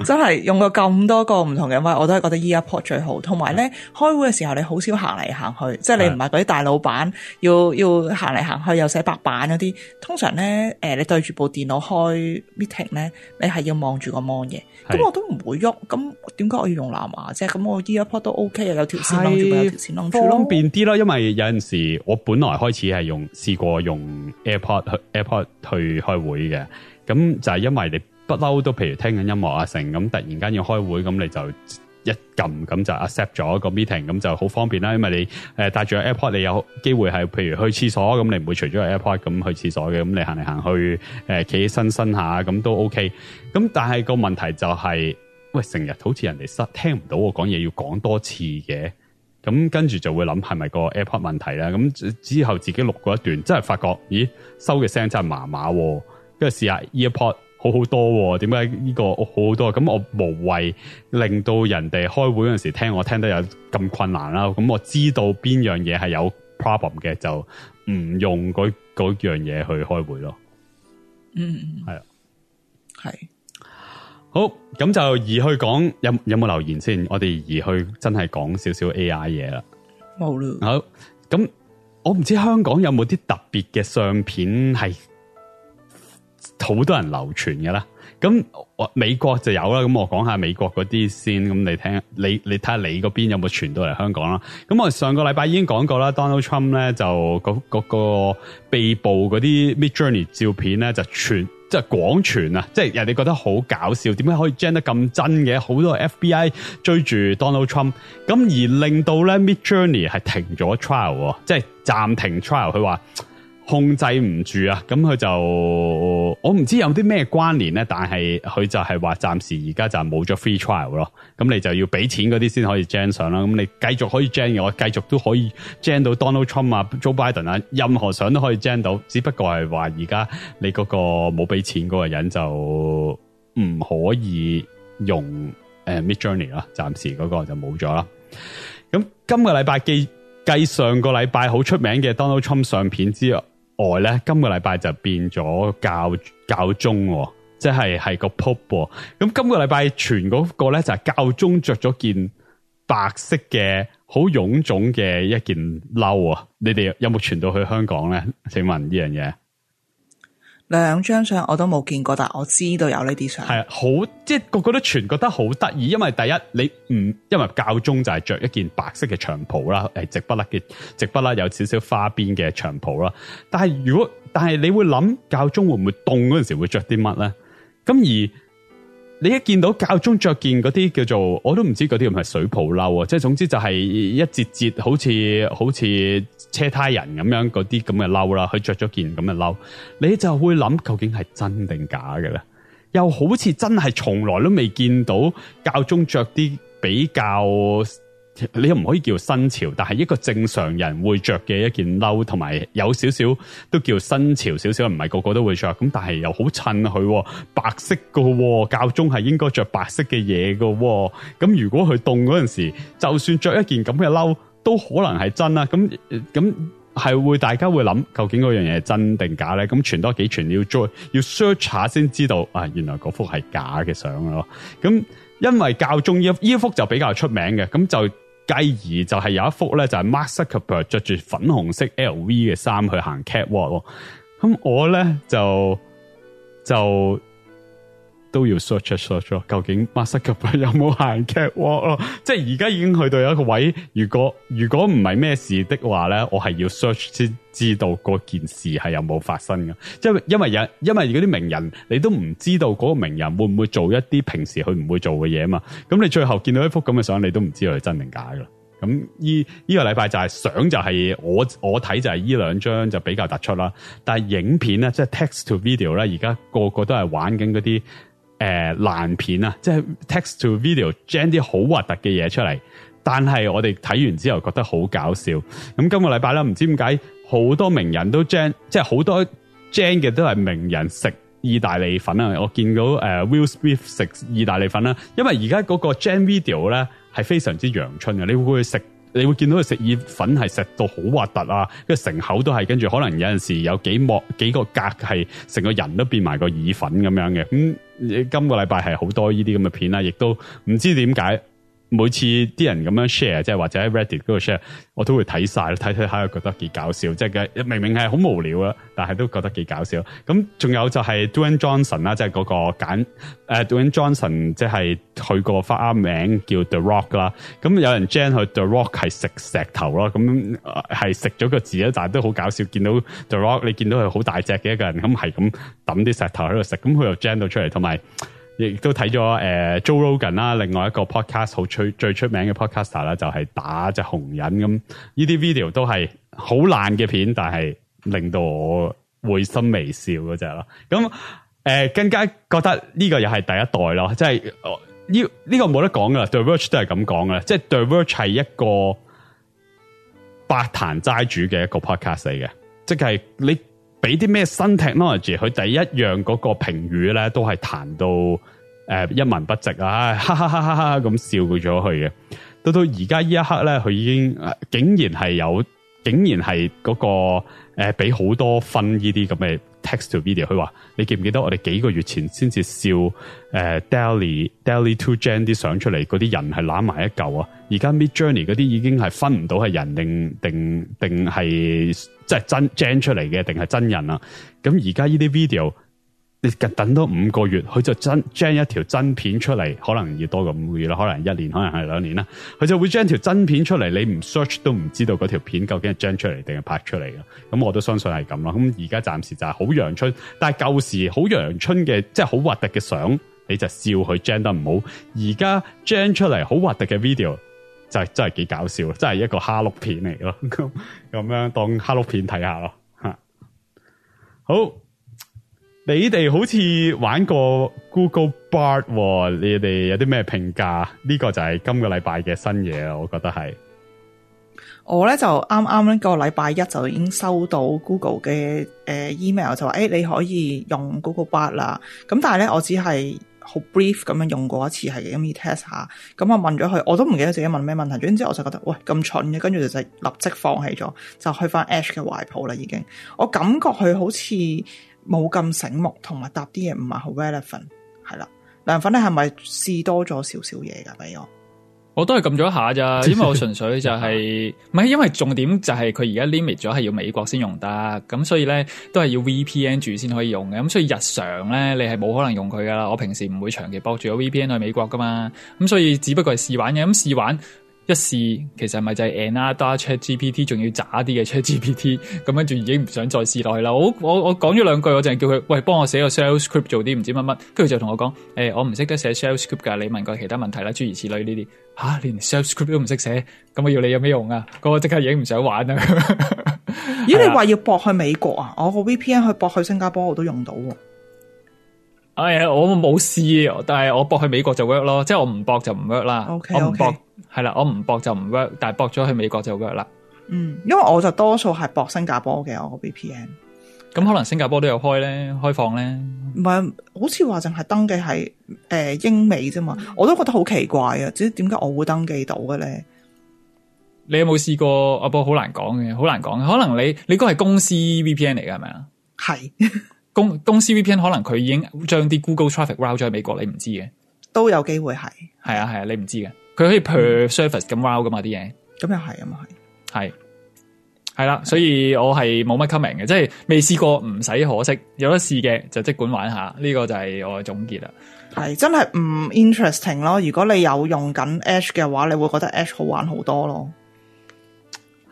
真係 [LAUGHS] 用過咁多個唔同嘅麥，我都係覺得 EarPod 最好。同埋咧，開會嘅時候你好少行嚟行去，即係你唔係嗰啲大老闆要要行嚟行去又寫白板嗰啲。通常咧，誒、呃、你對住部電腦開 meeting 咧，你係要望住個 mon 嘅，咁我都唔會喐。咁點解我要用藍？即係咁，嗯、我啲 AirPod 都 OK，有條線拎住，有條線拎住咯。方便啲囉。因為有陣時我本來開始係用試過用 AirPod 去 AirPod 去開會嘅，咁就係因為你不嬲都譬如聽緊音樂啊成，咁突然間要開會，咁你就一撳，咁就 accept 咗個 meeting，咁就好方便啦。因為你誒帶、呃、住 AirPod，你有機會係譬如去廁所，咁你唔會除咗 AirPod 咁去廁所嘅，咁你行嚟行去誒企、呃、起身身下，咁都 OK。咁但係個問題就係、是。喂，成日好似人哋失聽唔到我講嘢，要講多次嘅，咁跟住就會諗係咪個 AirPod 問題啦。咁之後自己錄過一段，真係發覺，咦，收嘅聲真係麻麻。跟住試下 AirPod，好好多喎，點解呢個好好多？咁我無謂令到人哋開會嗰陣時聽我聽得有咁困難啦，啊。咁我知道邊樣嘢係有 problem 嘅，就唔用嗰嗰樣嘢去開會咯。嗯，係啊，係。好，咁就而去講有有冇留言先，我哋而去真係講少少 A. I 嘢啦，冇啦。好，咁我唔知香港有冇啲特別嘅相片係好多人流傳嘅啦。咁美國就有啦，咁我講下美國嗰啲先，咁你聽，你你睇下你嗰邊有冇傳到嚟香港啦。咁我上個禮拜已經講過啦，Donald Trump 咧就嗰個嗰個被捕嗰啲 Midjourney 照片咧就傳。即、就、係、是、廣傳啊！即係人哋覺得好搞笑，點解可以 gen 得咁真嘅？好多 FBI 追住 Donald Trump，咁而令到咧 Midjourney 係停咗 trial，即係暫停 trial。佢話。控制唔住啊！咁佢就我唔知有啲咩關聯咧，但係佢就係話暫時而家就冇咗 free trial 咯。咁你就要俾錢嗰啲先可以 gen 上啦。咁你繼續可以 gen 嘅，我繼續都可以 gen 到 Donald Trump 啊、Joe Biden 啊，任何相都可以 gen 到。只不過係話而家你嗰個冇俾錢嗰個人就唔可以用誒 Midjourney 啦。暫時嗰個就冇咗啦。咁今個禮拜繼繼上個禮拜好出名嘅 Donald Trump 相片之外，外咧，今個禮拜就變咗教教宗、哦，即係係個 pop 喎、哦。咁今個禮拜傳嗰個咧就係、是、教宗着咗件白色嘅好臃腫嘅一件褸啊、哦！你哋有冇傳到去香港咧？請問呢樣嘢？兩張相我都冇見過，但我知道有呢啲相。係啊，好即係個個都全覺得好得意，因為第一你唔，因為教宗就係着一件白色嘅長袍啦，誒直不甩嘅，直不甩有少少花邊嘅長袍啦。但係如果但係你會諗教宗會唔會凍嗰陣時會着啲乜咧？咁而。你一見到教宗着件嗰啲叫做，我都唔知嗰啲係唔係水泡褸啊！即係總之就係一節節好似好似車胎人咁樣嗰啲咁嘅褸啦，佢着咗件咁嘅褸，你就會諗究竟係真定假嘅咧？又好似真係從來都未見到教宗着啲比較。你又唔可以叫新潮，但係一個正常人會着嘅一件褸，同埋有少少都叫新潮，少少唔係個個都會着。咁但係又好襯佢，白色喎，哦，教宗係應該着白色嘅嘢喎。咁如果佢凍嗰陣時，就算着一件咁嘅褸，都可能係真啦。咁咁係會大家會諗，究竟嗰樣嘢係真定假咧？咁傳多幾傳，要追要 search 下先知道。啊，原來嗰幅係假嘅相咯。咁因為教宗呢依幅就比較出名嘅，咁就。繼而就係有一幅咧，就係 Max Cooper 着住粉紅色 LV 嘅衫去行 catwalk 咯，哦。咁，嗯，我咧就就都要 search 一 search 究竟 Max Cooper 有冇行 catwalk 咯，哦。即係而家已經去到有一個位，如果如果唔係咩事的話咧，我係要 search 先。知道嗰件事係有冇發生噶？因為因為有因為如果啲名人，你都唔知道嗰個名人會唔會做一啲平時佢唔會做嘅嘢嘛？咁你最後見到一幅咁嘅相，你都唔知道係真定假噶啦。咁依依個禮拜就係、是、相就係我我睇就係依兩張就比較突出啦。但係影片，咧，即係 text to video 咧，而家個個都係玩緊嗰啲誒爛片啊，即係 text to video generate 啲好核突嘅嘢出嚟。但係我哋睇完之後覺得好搞笑。咁今個禮拜呢，唔知點解。好多名人都 jam 即係好多 jam 嘅都係名人食意大利粉啦。我見到誒 Will Smith 食意大利粉啦，因為而家嗰個 jam video 咧係非常之陽春嘅。你會會去食，你會見到佢食意粉係食到好核突啊，跟住成口都係，跟住可能有陣時有幾幕幾個格係成個人都變埋個意粉咁樣嘅。咁、嗯、今個禮拜係好多呢啲咁嘅片啦，亦都唔知點解。每次啲人咁樣 share，即係或者喺 Reddit 嗰度 share，我都會睇晒。睇睇下又覺得幾搞笑。即係嘅明明係好無聊啊，但係都覺得幾搞笑。咁仲有就係 Dwayne Johnson 啦、那個，即、啊、係嗰個簡 Dwayne Johnson，即係佢個花名叫 The Rock 啦。咁有人 gen 佢 The Rock 係食石頭咯，咁係食咗個字啦，但係都好搞笑。見到 The Rock，你見到佢好大隻嘅一個人，咁係咁揼啲石頭喺度食，咁佢又 gen 到出嚟，同埋。亦都睇咗誒 Joe Rogan 啦，另外一個 podcast 好出最出名嘅 podcaster 啦，就係、是、打隻紅人咁。呢、嗯、啲 video 都係好爛嘅片，但係令到我會心微笑嗰隻啦。咁、嗯、誒、呃、更加覺得呢個又係第一代咯，即係呢呢個冇得講噶啦 The Verge 都係咁講噶啦，即係 The Verge 係一個白壇齋主嘅一個 podcast 嚟嘅，即係你。俾啲咩新 technology，佢第一樣嗰個評語咧，都係彈到誒、呃、一文不值啊、哎，哈哈哈哈哈咁笑咗去嘅。到到而家呢一刻咧，佢已經、啊、竟然係有，竟然係嗰、嗰個誒俾好多分呢啲咁嘅 text to video。佢話你記唔記得我哋幾個月前先至笑誒、呃、DALL-E DALL-E to gen 啲相出嚟，嗰啲人係攬埋一嚿啊！而家 Midjourney 嗰啲已經係分唔到係人定定定係。即係真 gen 出嚟嘅，定係真人啦、啊？咁而家呢啲 video，你等多五個月，佢就真 gen 一條真片出嚟，可能要多過五個月啦，可能一年，可能係兩年啦，佢就會 gen 條真片出嚟，你唔 search 都唔知道嗰條片究竟係 gen 出嚟定係拍出嚟嘅。咁我都相信係咁啦。咁而家暫時就係好陽春，但係舊時好陽春嘅，即係好核突嘅相，你就笑佢 gen 得唔好。而家 gen 出嚟好核突嘅 video。就真係幾搞笑，真係一個蝦碌片嚟咯，咁 [LAUGHS] 樣當蝦碌片睇下咯。吓，好，你哋好似玩過 Google Bard，你哋有啲咩評價？呢、這個就係今個禮拜嘅新嘢啦，我覺得係。我咧就啱啱咧個禮拜一就已經收到 Google 嘅誒、呃、email，就話誒、欸、你可以用 Google Bard 啦。咁但係咧我只係。好 brief 咁樣用過一次係嘅，咁你 test 下，咁我問咗佢，我都唔記得自己問咩問題，總之我就覺得，喂咁蠢嘅，跟住就立即放棄咗，就去翻 Ash 嘅懷抱啦，已經。我感覺佢好似冇咁醒目，同埋答啲嘢唔係好 relevant，係啦。梁粉咧係咪試多咗少少嘢㗎？俾我。我都係撳咗一下咋，因為我純粹就係、是，唔 [LAUGHS] 係因為重點就係佢而家 limit 咗係要美國先用得，咁所以咧都係要 VPN 住先可以用嘅，咁所以日常咧你係冇可能用佢噶啦，我平時唔會長期駁住個 VPN 去美國噶嘛，咁所以只不過係試玩嘅，咁試玩。一試其實咪就係 N 啦，多一 Chat GPT，仲要渣啲嘅 Chat GPT，咁跟住已經唔想再試落去啦。我我我講咗兩句，我淨係叫佢喂，幫我寫個 Shell script 做啲唔知乜乜，跟住就同我講，誒、欸，我唔識得寫 Shell script 噶，你問過其他問題啦，諸如此類呢啲。吓、啊，連 Shell script 都唔識寫，咁我要你有咩用啊？咁我即刻已經唔想玩啦。 [LAUGHS] 如果你話要駁去美國啊，我個 VPN 去駁去新加坡我都用到。哎呀，我冇試，但係我駁去美國就 work 咯，即係我唔駁就唔 work 啦。Okay, okay. 我唔係啦，我唔博就唔 work，但係博咗去美國就 work 啦。嗯，因為我就多數係博新加坡嘅我個 VPN。咁可能新加坡都有開咧，開放咧。唔係，好似話淨係登記係誒、呃，英美啫嘛、嗯。我都覺得好奇怪啊，即點解我會登記到嘅咧？你有冇試過？阿波好難講嘅，好難講嘅。可能你你嗰個係公司 VPN 嚟嘅係咪啊？係 [LAUGHS] 公公司 VPN，可能佢已經將啲 Google Traffic Route 咗去美國，你唔知嘅都有機會係係啊係啊，你唔知嘅。佢可以 per surface 咁玩噶嘛啲嘢，咁又係啊嘛係，係係啦，所以我係冇乜 comment 嘅，即係未試過唔使可惜，有得試嘅就即管玩下，呢、這個就係我嘅總結啦。係真係唔 interesting 咯，如果你有用緊 Edge 嘅話，你會覺得 Edge 好玩好多咯。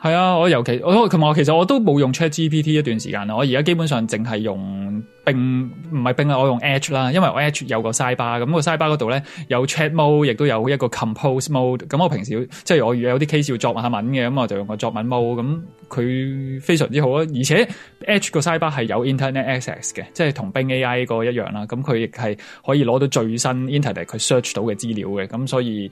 係啊，我尤其我同埋我其實我都冇用 Chat G P T 一段時間啦。我而家基本上淨係用冰唔係冰啊，我用 H 啦，因為我 H 有個 a r 咁個腮 r 嗰度咧有 Chat Mode，亦都有一個 Compose Mode。咁我平時即係我有啲 case 要作文下文嘅，咁我就用個作文 Mode。咁佢非常之好啊，而且 H 個 a r 係有 Internet Access 嘅，即係同冰 A I 嗰個一樣啦。咁佢亦係可以攞到最新 Internet 佢 search 到嘅資料嘅。咁所以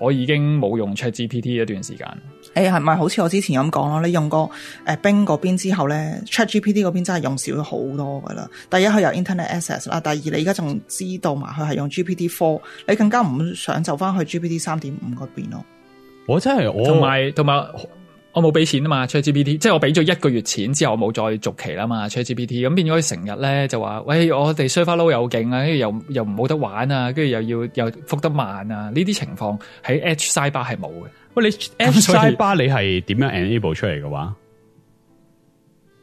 我已經冇用 Chat G P T 一段時間。誒、欸，係咪好似我之前咁講咯？你用過誒冰嗰邊之後咧，Chat GPT 嗰邊真係用少咗好多噶啦。第一佢有 Internet access 啦，第二你而家仲知道埋佢係用 GPT Four，你更加唔想就返去 GPT 三點五嗰邊咯。我真係我同埋同埋。我冇俾錢啊嘛 ChatGPT，即係我俾咗一個月錢之後，我冇再續期啦嘛 ChatGPT，咁變咗佢成日咧就話，喂，我哋 search 又勁啊，跟住又又冇得玩啊，跟住又要又復得慢啊，呢啲情況喺 Edge sidebar 係冇嘅。喂，你 Edge sidebar 你係點樣 enable 出嚟嘅話？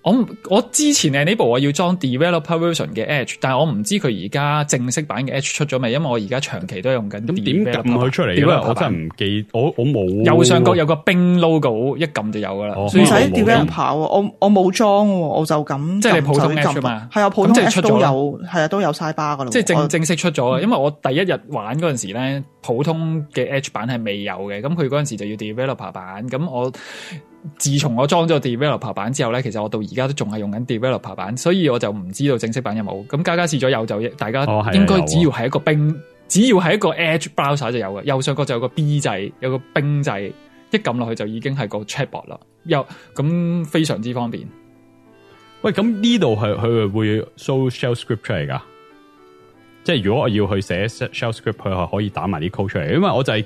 我我之前咧呢部我要裝 developer version 嘅 Edge，但係我唔知佢而家正式版嘅 Edge 出咗未，因為我而家長期都用緊、er。咁點撳佢出嚟？點解我真係唔記得？我我冇右、啊、上角有個 Bing logo，一撳就有噶啦。唔使點樣跑？我我冇裝，我就咁。即係你是普通 Edge 嘛？係啊，普通 Edge 都有，係啊了都有 sidebar 噶啦。即係正我正式出咗，因為我第一日玩嗰陣時咧，普通嘅 Edge 版係未有嘅，咁佢嗰陣時就要 developer 版，咁我。自從我裝咗 Developer 版之後咧，其實我到而家都仲係用緊 Developer 版，所以我就唔知道正式版有冇。咁家家試咗右就，大家應該只要係一個冰、哦，只要係一個 Edge browser 就有嘅。右上角就有個 B 掣，有個冰掣，一撳落去就已經係個 Chatbot 啦。又咁非常之方便。喂，咁呢度係佢會 show Shell Script 出嚟噶？即係如果我要去寫 Shell Script，佢係可以打埋啲 code 出嚟，因為我就係、是。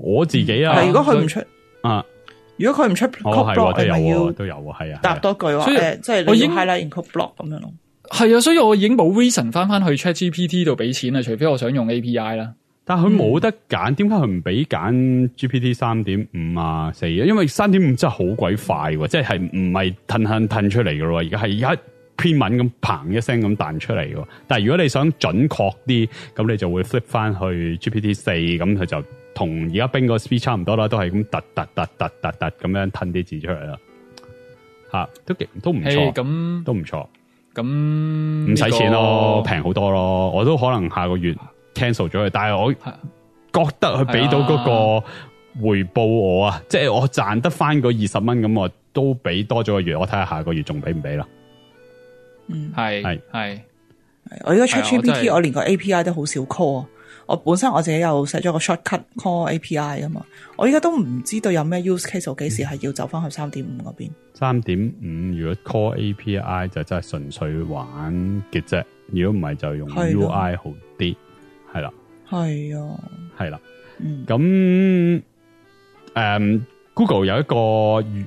我自己啊！嗯、如果佢唔出啊，如果佢唔出 code block 都有啊？係、哦、啊，答多句話即係我已經 highlight in code block 咁樣咯。係啊，所以我已經冇 reason 翻翻去 Chat GPT 度俾錢啦，除非我想用 API 啦、嗯。但係佢冇得揀，點解佢唔俾揀 GPT 三點五啊四？啊？因為三點五真係好鬼快、啊，即係唔係吞吞吞出嚟噶咯，而家係而家篇文咁砰一聲咁彈出嚟。但係如果你想準確啲，咁你就會 flip 翻去 GPT 四，咁佢就。同而家冰個 speed 差唔多啦，都係咁突突突突突突咁樣吞啲字出嚟啦，吓、啊、都都唔錯，咁、嗯、都唔錯，咁唔使錢咯，平、那、好、個、多咯，我都可能下個月 cancel 咗佢，但係我覺得佢俾到嗰個回報我啊我得，即係我賺得翻嗰二十蚊咁，我都俾多咗個月，我睇下下個月仲俾唔俾啦。嗯，係係係，我而家 check ChatGPT 我連個 API 都好少 call、喔。啊。我本身我自己又寫咗個 shortcut call API 啊嘛，我依家都唔知道有咩 use case，我幾時係要走翻去三點五嗰邊？三點五如果 call API 就真係純粹玩嘅啫，如果唔係就用 UI 好啲，係啦，係啊，係啦，咁，誒、嗯 um，Google 有一個。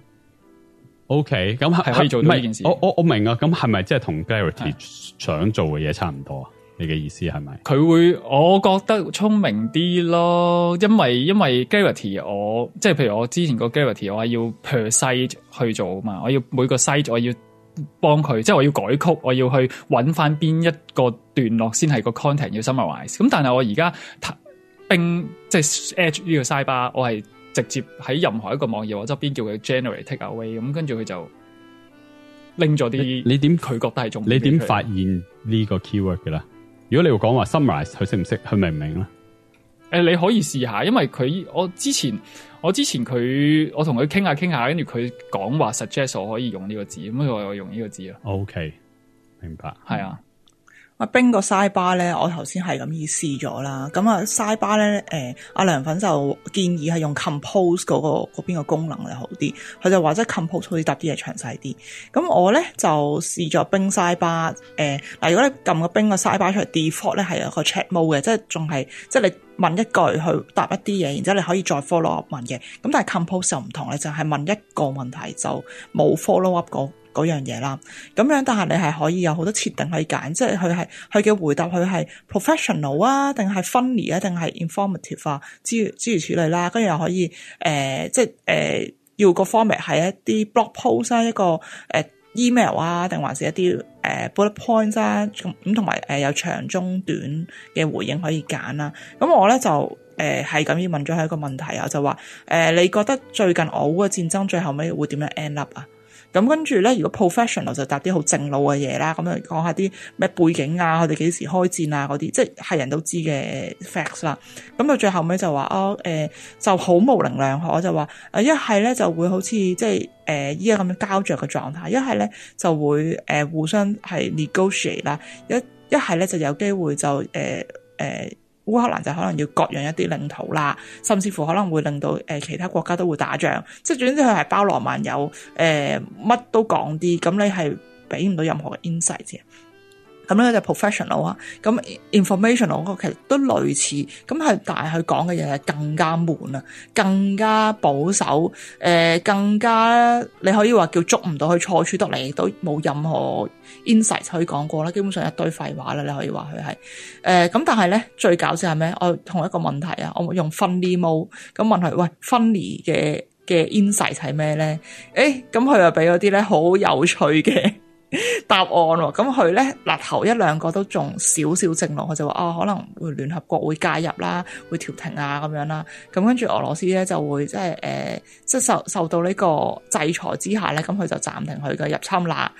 O K，咁係可以做呢件事。我我我明啊，咁係咪即係同 Garity 想做嘅嘢差唔多啊？你嘅意思係咪？佢會，我覺得聰明啲咯，因為因為 Garity 我即係譬如我之前個 Garity 我係要 per site 去做啊嘛，我要每個 site 我要幫佢，即係我要改曲，我要去揾翻邊一個段落先係個 content 要 summarise。咁但係我而家 Bing 即係 edge 呢個 sidebar，我係直接喺任何一個網頁或者邊叫佢 generate takeaway 咁、嗯，跟住佢就拎咗啲。你點佢覺得係重要？你點發現呢個 keyword 嘅咧？如果你要講話 summarize 佢識唔識？佢明唔明咧？誒、呃，你可以試下，因為佢我之前我之前佢我同佢傾下傾下，跟住佢講話 suggest 我可以用呢個字，咁所以我用呢個字啊。OK，明白。係啊。Sidebar，啊，冰個曬巴咧，我頭先係咁意試咗啦。咁啊，曬巴咧，誒，阿梁粉就建議係用 compose 嗰、那個嗰邊個功能係好啲。佢就話即係 compose 可以答啲嘢詳細啲。咁我咧就試咗冰曬巴。誒，嗱，如果你撳個冰個曬巴出嚟，default 咧係有個 check mode 嘅，即係仲係即係你問一句去答一啲嘢，然之後你可以再 follow up 問嘅。咁但係 compose 又唔同咧，就係、是、問一個問題就冇 follow up 個，嗰樣嘢啦，咁樣，但係你係可以有好多設定可以揀，即係佢係佢嘅回答，佢係 professional 啊，定係 funny 啊，定係 informative 啊，之如之如此類啦，跟住又可以誒、呃，即係誒、呃、要個 format 係一啲 blog post 啊，一個誒、呃、email 啊，定還是一啲誒、呃、bullet points 啊咁咁，同埋誒有長中短嘅回應可以揀啦。咁我咧就誒係咁要問咗一個問題啊，就話誒、呃、你覺得最近俄烏嘅戰爭最後尾會點樣 end up 啊？咁跟住咧，如果 professional 就答啲好正路嘅嘢啦，咁嚟講下啲咩背景啊，佢哋幾時開戰啊嗰啲，即係人都知嘅 facts 啦。咁到最後尾就話哦，呃、就好模稜兩可，我就話，一係咧就會好似即係誒依家咁樣膠着嘅狀態，一係咧就會、呃、互相係 negotiate 啦，一一係咧就有機會就誒、呃呃烏克蘭就可能要割讓一啲領土啦，甚至乎可能會令到誒、呃、其他國家都會打仗，即係總之佢係包羅萬有，誒、呃、乜都講啲，咁你係俾唔到任何嘅 insight 嘅。咁、嗯、咧就 professional 啊，咁 informational 嗰個其實都類似，咁係但係佢講嘅嘢係更加悶啊，更加保守，誒、呃、更加你可以話叫捉唔到佢錯處得嚟，都冇任何 insight 可以講過啦，基本上一堆廢話啦，你可以話佢係誒咁，但係咧最搞笑係咩？我同一個問題啊，我用 funny mode 咁問佢，喂 funny 嘅嘅 insight 係咩咧？誒咁佢又俾嗰啲咧好有趣嘅。答案喎，咁佢呢嗱，頭一兩個都仲少少正路，佢就話啊、哦，可能會聯合國會介入啦，會調停啊咁樣啦，咁跟住俄羅斯呢，就會即係誒，即、呃、受受到呢個制裁之下呢，咁佢就暫停佢嘅入侵啦。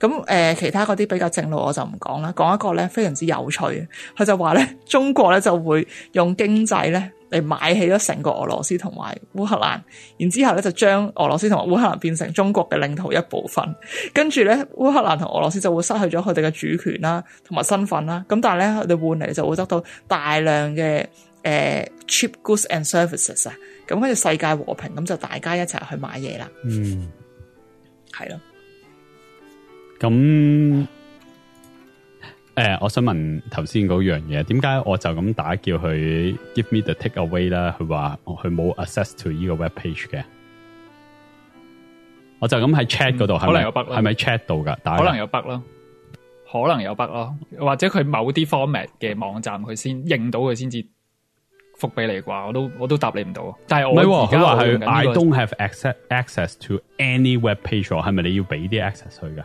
咁誒，其他嗰啲比較正路我就唔講啦，講一個咧非常之有趣，佢就話咧中國咧就會用經濟咧嚟買起咗成個俄羅斯同埋烏克蘭，然之後咧就將俄羅斯同埋烏克蘭變成中國嘅領土一部分，跟住咧烏克蘭同俄羅斯就會失去咗佢哋嘅主權啦，同埋身份啦。咁但係咧佢哋換嚟就會得到大量嘅誒、呃、cheap goods and services 啊，咁跟住世界和平，咁就大家一齊去買嘢啦。嗯，係咯。咁誒、欸，我想問頭先嗰樣嘢，點解我就咁打叫佢 give me the take away 啦？佢話佢冇 access to 呢個 web page 嘅，我就咁喺 chat 嗰度係咪有筆？係咪 chat 到噶？可能有筆咯，可能有筆咯，或者佢某啲 format 嘅網站佢先認到佢先至覆俾你啩？我都我都答你唔到。但係我佢話係 I don't have access access to any web page，係咪你要俾啲 access 佢噶？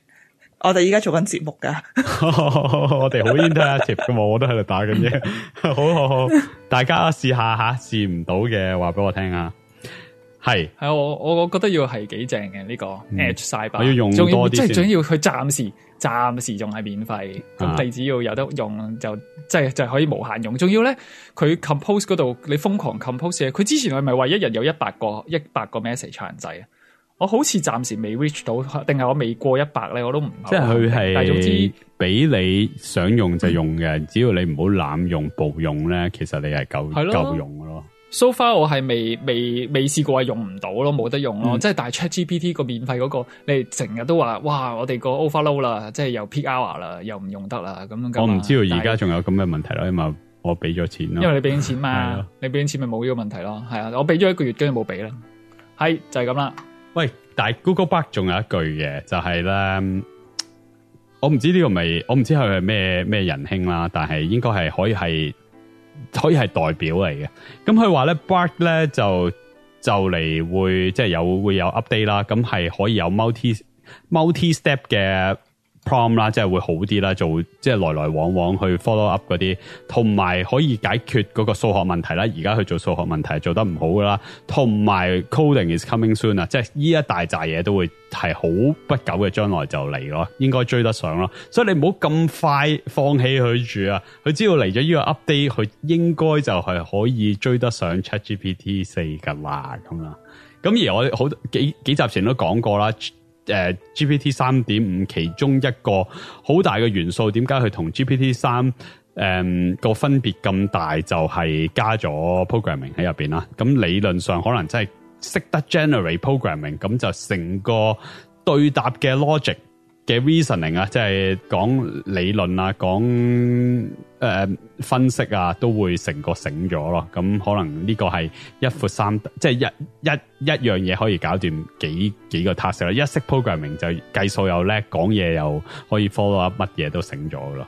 我哋依家做緊節目噶 [LAUGHS] [LAUGHS] [LAUGHS] 我哋好 interactive 嘅，我都喺度打緊嘢，好好好，大家試下吓，試唔到嘅話俾我聽啊，係，係我我我覺得要係幾正嘅呢、這個 Edge Sidebar，嗯，我要用多啲先，即係仲要佢暫時暫時仲係免費，咁你只要有得用、啊、就即係就可以無限用，仲要咧佢 compose 嗰度你瘋狂 compose 嘅，佢之前係咪話一日有一百個一百個 message 限制啊？我好似暫時未 reach 到，定係我未過一百咧？我都唔即係佢係俾你想用就用嘅，嗯，只要你唔好濫用暴用咧，其實你係夠夠用咯。So far 我係未未未試過係用唔到咯，冇得用咯。嗯、即係但係 ChatGPT 個免費嗰，那個，你成日都話哇，我哋個 overload 啦，即係又 peak hour 啦，又唔用得啦咁樣。我唔知道而家仲有咁嘅問題咯，因為我俾咗錢咯。因為你俾咗錢嘛，嗯、你俾咗錢咪冇呢個問題咯。係啊，我俾咗一個月跟住冇俾啦，係就係咁啦。喂，但係 Google Bard 仲有一句嘅，就係、是、咧，我唔知呢個咪，我唔知佢係咩咩人兄啦，但係應該係可以係，可以係代表嚟嘅。咁佢話咧，Bard 咧就。就嚟會即係有會有 update 啦，咁係可以有 multi multi step 嘅 Prom 啦，即係會好啲啦，做即係來來往往去 follow up 嗰啲，同埋可以解決嗰個數學問題啦。而家去做數學問題做得唔好噶啦，同埋 coding is coming soon 啊，即係呢一大紮嘢都會係好不久嘅將來就嚟咯，應該追得上咯。所以你唔好咁快放棄佢住啊。佢只要嚟咗呢個 update，佢應該就係可以追得上 ChatGPT 四噶啦，係嘛？咁而我哋好幾幾集前都講過啦。Uh, GPT 三點五其中一個好大嘅元素，點解佢同 GPT 三、um, 個分別咁大？就係、是、加咗 programming 喺入邊啦。咁理論上可能真係識得 generate programming，咁就成個對答嘅 logic。嘅 reasoning 是講啊，即係講理論啊，講、呃、誒分析啊，都會成個醒咗咯。咁可能呢個係一闊三，即係一一一,一樣嘢可以搞掂幾幾個 task 啦。一識 programming 就計數又叻，講嘢又可以 follow up 乜嘢都醒咗咯。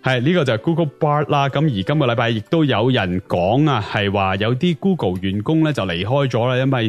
係呢、這個就係 Google Bard 啦。咁而今個禮拜亦都有人講啊，係話有啲 Google 員工咧就離開咗啦，因為。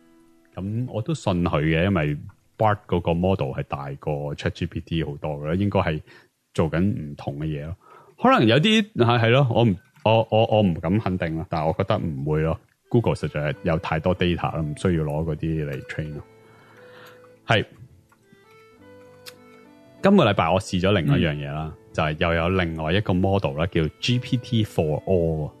咁我都信佢嘅，因為 Bard 嗰個 model 係大過 ChatGPT 好多嘅，應該係做緊唔同嘅嘢咯。可能有啲係係咯，我我我我唔敢肯定啦。但係我覺得唔會咯。Google 實在係有太多 data 啦，唔需要攞嗰啲嚟 train 咯。係今個禮拜我試咗另外一樣嘢啦，就係又有另外一個 model 啦，叫 GPT4All。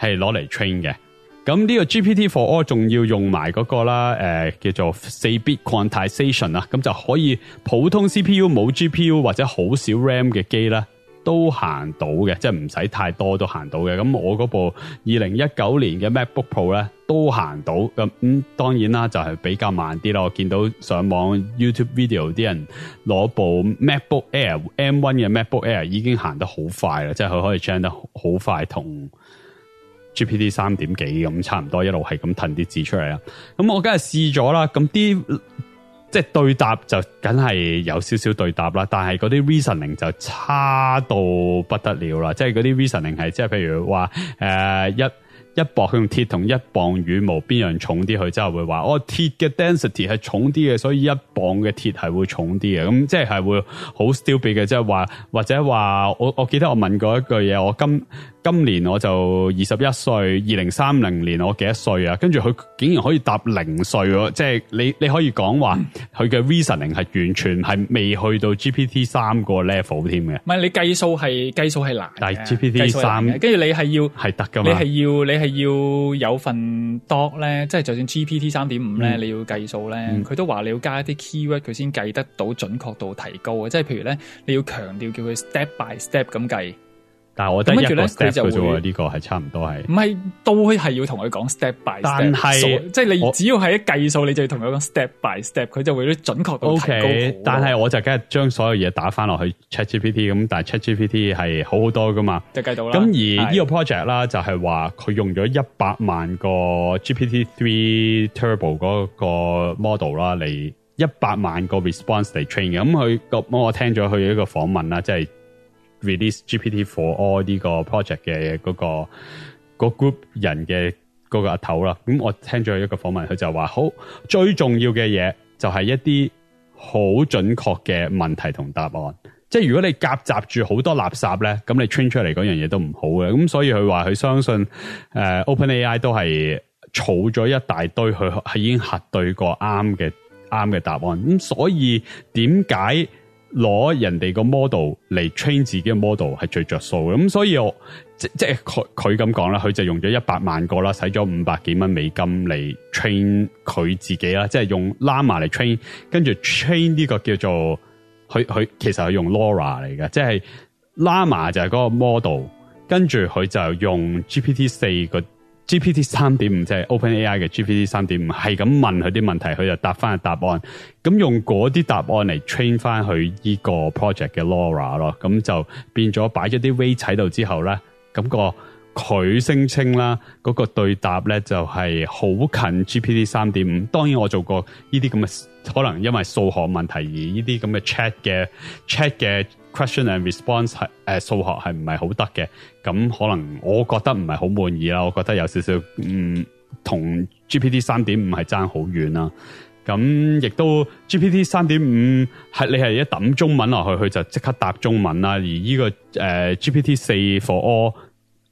係攞嚟 train 嘅，咁呢個 GPT4All 仲要用埋嗰個啦，誒、呃、叫做四 bit quantization 啦。咁就可以普通 CPU 冇 GPU 或者好少 RAM 嘅機咧都行到嘅，即係唔使太多都行到嘅。咁我嗰部二零一九年嘅 MacBook Pro 咧都行到，咁咁、嗯、當然啦就係、是、比較慢啲咯。我見到上網 YouTube video 啲人攞部 MacBook Air M1 嘅 MacBook Air 已經行得好快啦，即係佢可以 train 得好快同。GPT 三點幾咁，差唔多一路係咁褪啲字出嚟啦，咁我梗係試咗啦，咁啲即係對答就梗係有少少對答啦，但係嗰啲 reasoning 就差到不得了啦！即係嗰啲 reasoning 係即係譬如話誒、呃、一一磅佢用鐵同一磅羽毛邊樣重啲，佢真係會話哦，鐵嘅 density 係重啲嘅，所以一磅嘅鐵係會重啲嘅，咁即係係會好 stupid 嘅，即係話或者話我我記得我問過一句嘢，我今。今年我就二十一歲，二零三零年我幾多歲啊？跟住佢竟然可以答零歲、啊嗯，即係你你可以講話佢嘅 reasoning 係完全係未去到 GPT 三個 level 添嘅。唔、嗯、係你計數係計數係難，但係 GPT 三，跟住你係要係得噶嘛，你係要你係要有份 doc 咧，即、就、係、是、就算 GPT 三點五、嗯、咧，你要計數咧，佢、嗯、都話你要加一啲 keyword，佢先計得到準確度提高嘅。即、就、係、是、譬如咧，你要強調叫佢 step by step 咁計。但係我覺得佢就呢就、呢個係差唔多係，唔係都係要同佢講 step by step 但。但係即係你只要係計數，你就要同佢講 step by step，佢就會啲準確度。Okay, 但係我就梗係將所有嘢打翻落去 Chat G P T，咁但係 Chat G P T 係好好多噶嘛，就計到啦。咁而呢個 project 啦，就係話佢用咗一百萬個 G P T three turbo 嗰個 model 啦，嚟一百萬個 response 嚟 train 嘅。咁佢咁我聽咗佢一個訪問啦，即係。release GPT for all 呢個 project 嘅嗰個 group 人嘅嗰個阿頭啦，咁我聽咗一個訪問，佢就話好最重要嘅嘢就係一啲好準確嘅問題同答案，即係如果你夾雜住好多垃圾咧，咁你 train 出嚟嗰樣嘢都唔好嘅，咁所以佢話佢相信誒、呃、OpenAI 都係儲咗一大堆，佢係已經核對過啱嘅啱嘅答案，咁所以點解？攞人哋個 model 嚟 train 自己嘅 model 係最着數嘅，咁所以我即即係佢佢咁講啦，佢就用咗一百萬個啦，使咗五百幾蚊美金嚟 train 佢自己啦，即係用 Llama 嚟 train，跟住 train 呢個叫做佢佢其實係用 LoRA 嚟嘅，即係 Llama 就係嗰個 model，跟住佢就用 GPT 四個。GPT 三點五即係 OpenAI 嘅 GPT 三點五，係咁問佢啲問題，佢就答翻答案。咁用嗰啲答案嚟 train 翻去依個 project 嘅 Laura 咯。咁就變咗擺咗啲 weight 喺度之後咧，咁、個佢聲稱啦，嗰個對答咧就係好近 GPT 三點五。當然我做過呢啲咁嘅，可能因為數學問題而呢啲咁嘅 chat 嘅 chat 嘅。Question and response 係誒數學係唔係好得嘅，咁可能我覺得唔係好滿意啦。我覺得有少少嗯同 G P T 三點五係爭好遠啦。咁亦都 G P T 三點五係你係一抌中文落去，佢就即刻答中文啦。而呢、這個誒、呃、G P T 四 for all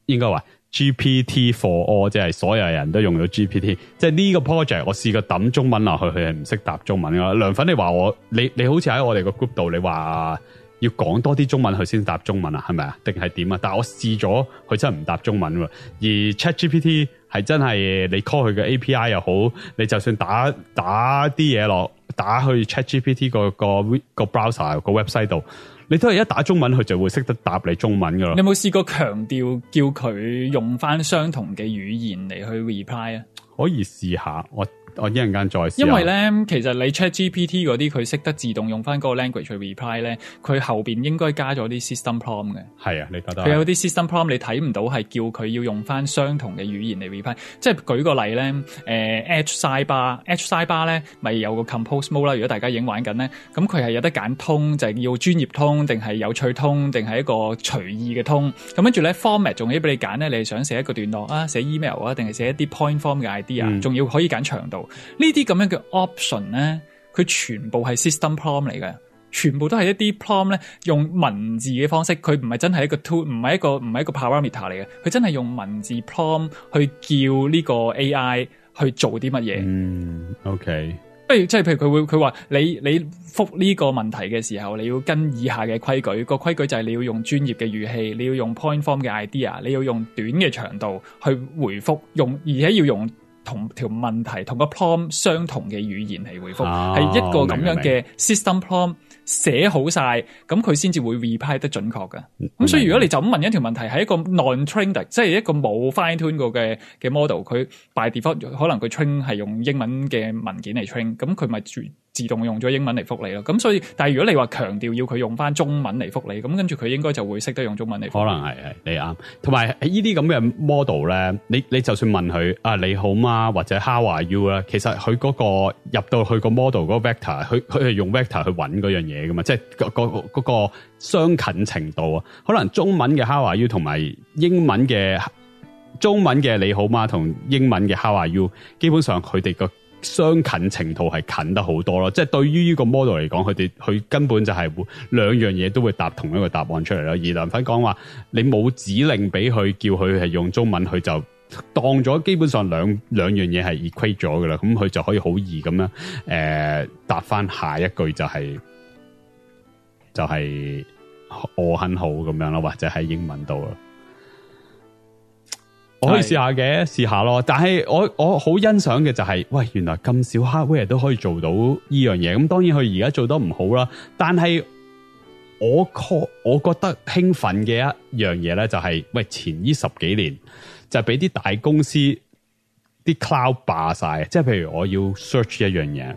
應該話 G P T for all 即係所有人都用咗 G P T。即係呢個 project 我試過抌中文落去，佢係唔識答中文噶。梁粉你話我你你好似喺我哋個 group 度你話。要講多啲中文佢先答中文啊，係咪啊？定係點啊？但係我試咗，佢真係唔答中文喎。而 ChatGPT 係真係你 call 佢嘅 API 又好，你就算打打啲嘢，落打去 ChatGPT，個、個 browser，個 website 度，你都係一打中文佢就會識得答你中文噶啦。你有冇試過強調叫佢用翻相同嘅語言嚟,去 reply 啊？可以試下我。我一陣間再試。因為咧，其實你 check GPT 嗰啲，佢識得自動用翻嗰個 language 去 reply 咧，佢後面應該加咗啲 system prompt 嘅。係啊，你覺得？佢有啲 system prompt 你睇唔到，係叫佢要用翻相同嘅語言嚟 reply。即係舉個例咧，Edge Sidebar，Edge Sidebar 咧，咪、呃、有個 compose mode 啦。如果大家已經玩緊咧，咁佢係有得揀通，就係要專業通，定係有趣通，定係一個隨意嘅通。咁跟住咧 format 仲可以俾你揀咧，你想寫一個段落啊，寫 email 啊，定係寫一啲 point form 嘅 idea，仲、嗯、要可以揀長度。這些這呢啲咁樣嘅 option 咧，佢全部係 system prompt 嚟嘅，全部都係一啲 prompt 咧，用文字嘅方式，佢唔係真係一個 tool，唔係一個唔係一個 parameter 嚟嘅，佢真係用文字 prompt 去叫呢個 AI 去做啲乜嘢。嗯，OK，不如即係譬如佢會佢話你你覆呢個問題嘅時候，你要跟以下嘅規矩，個規矩就係你要用專業嘅語氣，你要用 point form 嘅 idea，你要用短嘅長度去回覆，用而且要用。同條問題同個 prompt 相同嘅語言嚟回覆，係、啊、一個咁樣嘅 system prompt、啊、寫好晒，咁佢先至會 reply 得準確嘅。咁、嗯、所以如果你就咁問一條問題，係一個 non-trained，即係一個冇 fine-tune 過嘅嘅 model，佢 by default 可能佢 train 係用英文嘅文件嚟 train，咁佢咪自動用咗英文嚟覆你咯，咁所以，但係如果你話強調要佢用翻中文嚟覆你，咁跟住佢應該就會識得用中文嚟覆。可能係係你啱，同埋喺呢啲咁嘅 model 咧，你你就算問佢啊你好嗎或者 how are you 咧，其實佢嗰個入到去個 model 嗰個 vector，佢佢係用 vector 去揾嗰樣嘢噶嘛，即係個個嗰個相近程度啊，可能中文嘅 how are you 同埋英文嘅中文嘅你好嗎同英文嘅 how are you，基本上佢哋個。相近程度係近得好多咯，即係對於呢個 model 嚟講，佢哋佢根本就係兩樣嘢都會答同一個答案出嚟咯。而林粉講話，你冇指令俾佢，叫佢係用中文，佢就當咗基本上兩兩樣嘢係 equate 咗噶啦，咁佢就可以好易咁樣誒答翻下一句就係就係我很好咁樣咯，或者喺英文度咯。我可以試下嘅，試下咯。但係我我好欣賞嘅就係、是，喂，原來咁少 hardware 都可以做到呢樣嘢。咁當然佢而家做得唔好啦。但係我覺我覺得興奮嘅一樣嘢咧、就是，就係喂，前呢十幾年就俾啲大公司啲 cloud 霸晒，即係譬如我要 search 一樣嘢，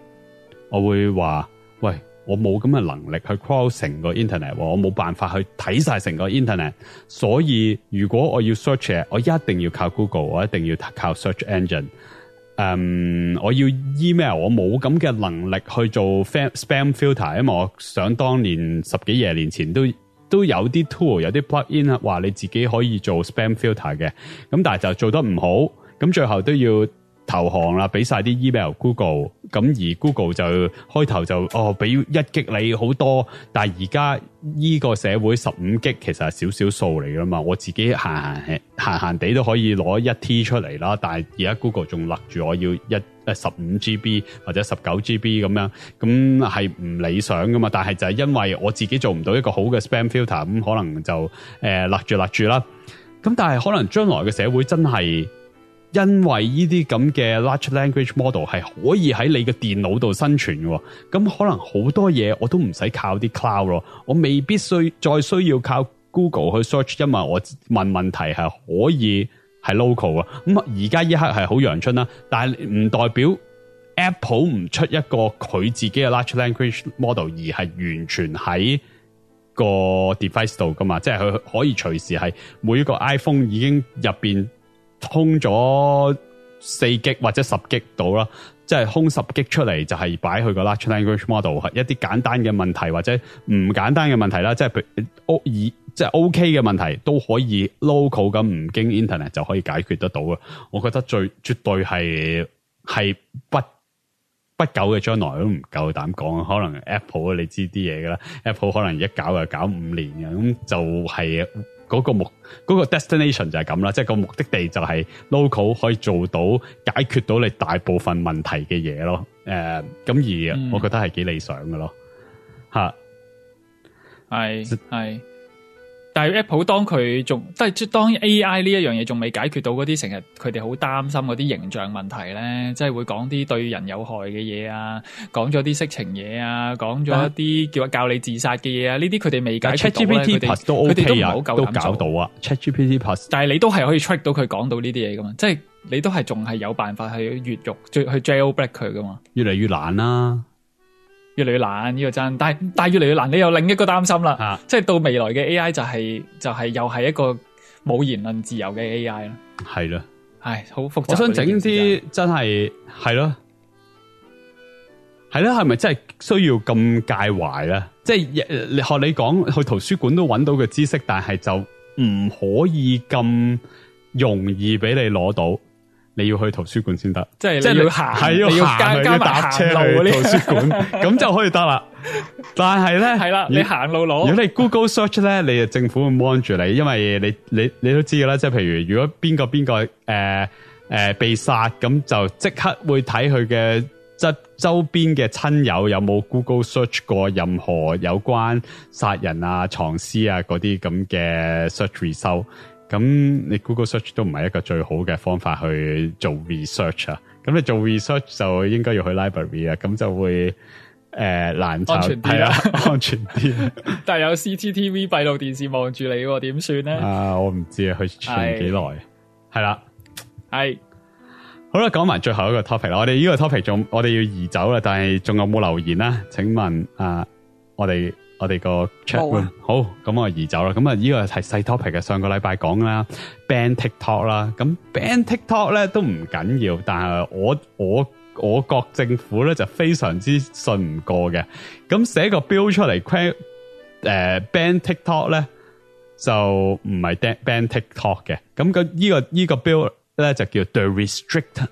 我會話喂。我冇咁嘅能力去 crawl 成個 internet，我冇辦法去睇晒成個 internet，所以如果我要 search，我一定要靠 Google，我一定要靠 search engine。嗯，我要 email，我冇咁嘅能力去做 f- spam filter，因為我想當年十幾廿年前都都有啲 tool，有啲 plug in 話你自己可以做 spam filter 嘅，咁但係就做得唔好，咁最後都要。投降啦，俾晒啲 email Google，咁而 Google 就開頭就哦俾一擊你好多，但係而家呢個社會十五擊其實係少少數嚟㗎嘛，我自己閒閒閒閒地都可以攞一 T 出嚟啦，但係而家 Google 仲勒住我要一十五 GB 或者十九 GB 咁樣，咁係唔理想㗎嘛？但係就係因為我自己做唔到一個好嘅 spam filter，咁、嗯、可能就誒、呃、勒住勒住啦。咁但係可能將來嘅社會真係。因為呢啲咁嘅 large language model 係可以喺你嘅電腦度生存嘅，咁可能好多嘢我都唔使靠啲 cloud 咯，我未必需再需要靠 Google 去 search，因為我問問題係可以係 local 嘅。咁而家一刻係好陽春啦，啊，但係唔代表 Apple 唔出一個佢自己嘅 large language model，而係完全喺個 device 度噶嘛，即係佢可以隨時係每一個 iPhone 已經入面。通咗四級或者十級到啦，即、就、係、是、空十級出嚟就係擺去個 l a t e n g u a g e Model 一啲簡單嘅問題或者唔簡單嘅問題啦，即係譬屋以即係 O K 嘅問題都可以 local 咁唔經 Internet 就可以解決得到嘅，我覺得最絕對係係不不久嘅將來都唔夠膽講，可能 Apple 你知啲嘢噶啦，Apple 可能一搞就搞五年嘅，咁就係、是。嗰個目嗰個 destination 就係咁啦，即係個目的地就係 local 可以做到解決到你大部分問題嘅嘢咯。誒，咁而我覺得係幾理想嘅咯。嗯啊，係係。但係 Apple 當佢仲都係即係當 AI 呢一樣嘢仲未解決到嗰啲成日佢哋好擔心嗰啲形象問題咧，即係會講啲對人有害嘅嘢啊，講咗啲色情嘢啊，講咗一啲叫話教你自殺嘅嘢啊，呢啲佢哋未解決到咧，佢哋佢哋都好夠搞到啊，ChatGPT Plus，但係你都係可以 check 到佢講到呢啲嘢噶嘛，即係你都係仲係有辦法去越獄，去去 jailbreak 佢噶嘛，越嚟越難啦、啊。越嚟越難，呢、這個真，但係但係越嚟越難，你又有另一個擔心啦、啊，即係到未來嘅 A I 就係、是、就係、是、又係一個冇言論自由嘅 A I 啦，係啦，係好複雜，我想整啲、這個、真係係咯，係咯，係咪真係需要咁介懷咧？即、就、係、是、你學你講去圖書館都揾到嘅知識，但係就唔可以咁容易俾你攞到。你要去圖書館先得，即係即係要行，係要行，你要行去要搭車路去圖書館，咁 [LAUGHS] 就可以得啦。但係咧，係 [LAUGHS] 啦，你行路攞。如果你 Google search 咧， [LAUGHS] 你政府會望住你，因為你你你都知噶啦。即係譬如，如果邊個邊個誒誒被殺，咁就即刻會睇佢嘅周周邊嘅親友有冇 Google search 過任何有關殺人啊、藏屍啊嗰啲咁嘅 search 收。咁你 Google search 都唔係一個最好嘅方法去做 research 啊！咁你做 research 就應該要去 library 啊，咁就會誒、呃、難找係啦，安全啲、啊。 [LAUGHS] 安全一 [LAUGHS] 但係有 CCTV 閉路電視望住你、啊，點算咧？啊，我唔知啊，去存幾耐？係啦，係好啦，講埋最後一個 topic 啦。我哋呢個 topic 仲，我哋要移走啦。但係仲有冇留言啦？請問啊，我哋。我哋個 chat room 好、啊、好，咁我移走啦。咁啊，呢個係細 topic 嘅。上個禮拜講啦，ban TikTok 啦，咁 ban TikTok 咧都唔緊要，但係我我我國政府咧就非常之信唔過嘅。咁寫個標出嚟，誒、呃，ban TikTok 咧就唔係 ban TikTok 嘅。咁、這個、這個、呢個呢個標咧就叫 The Restrict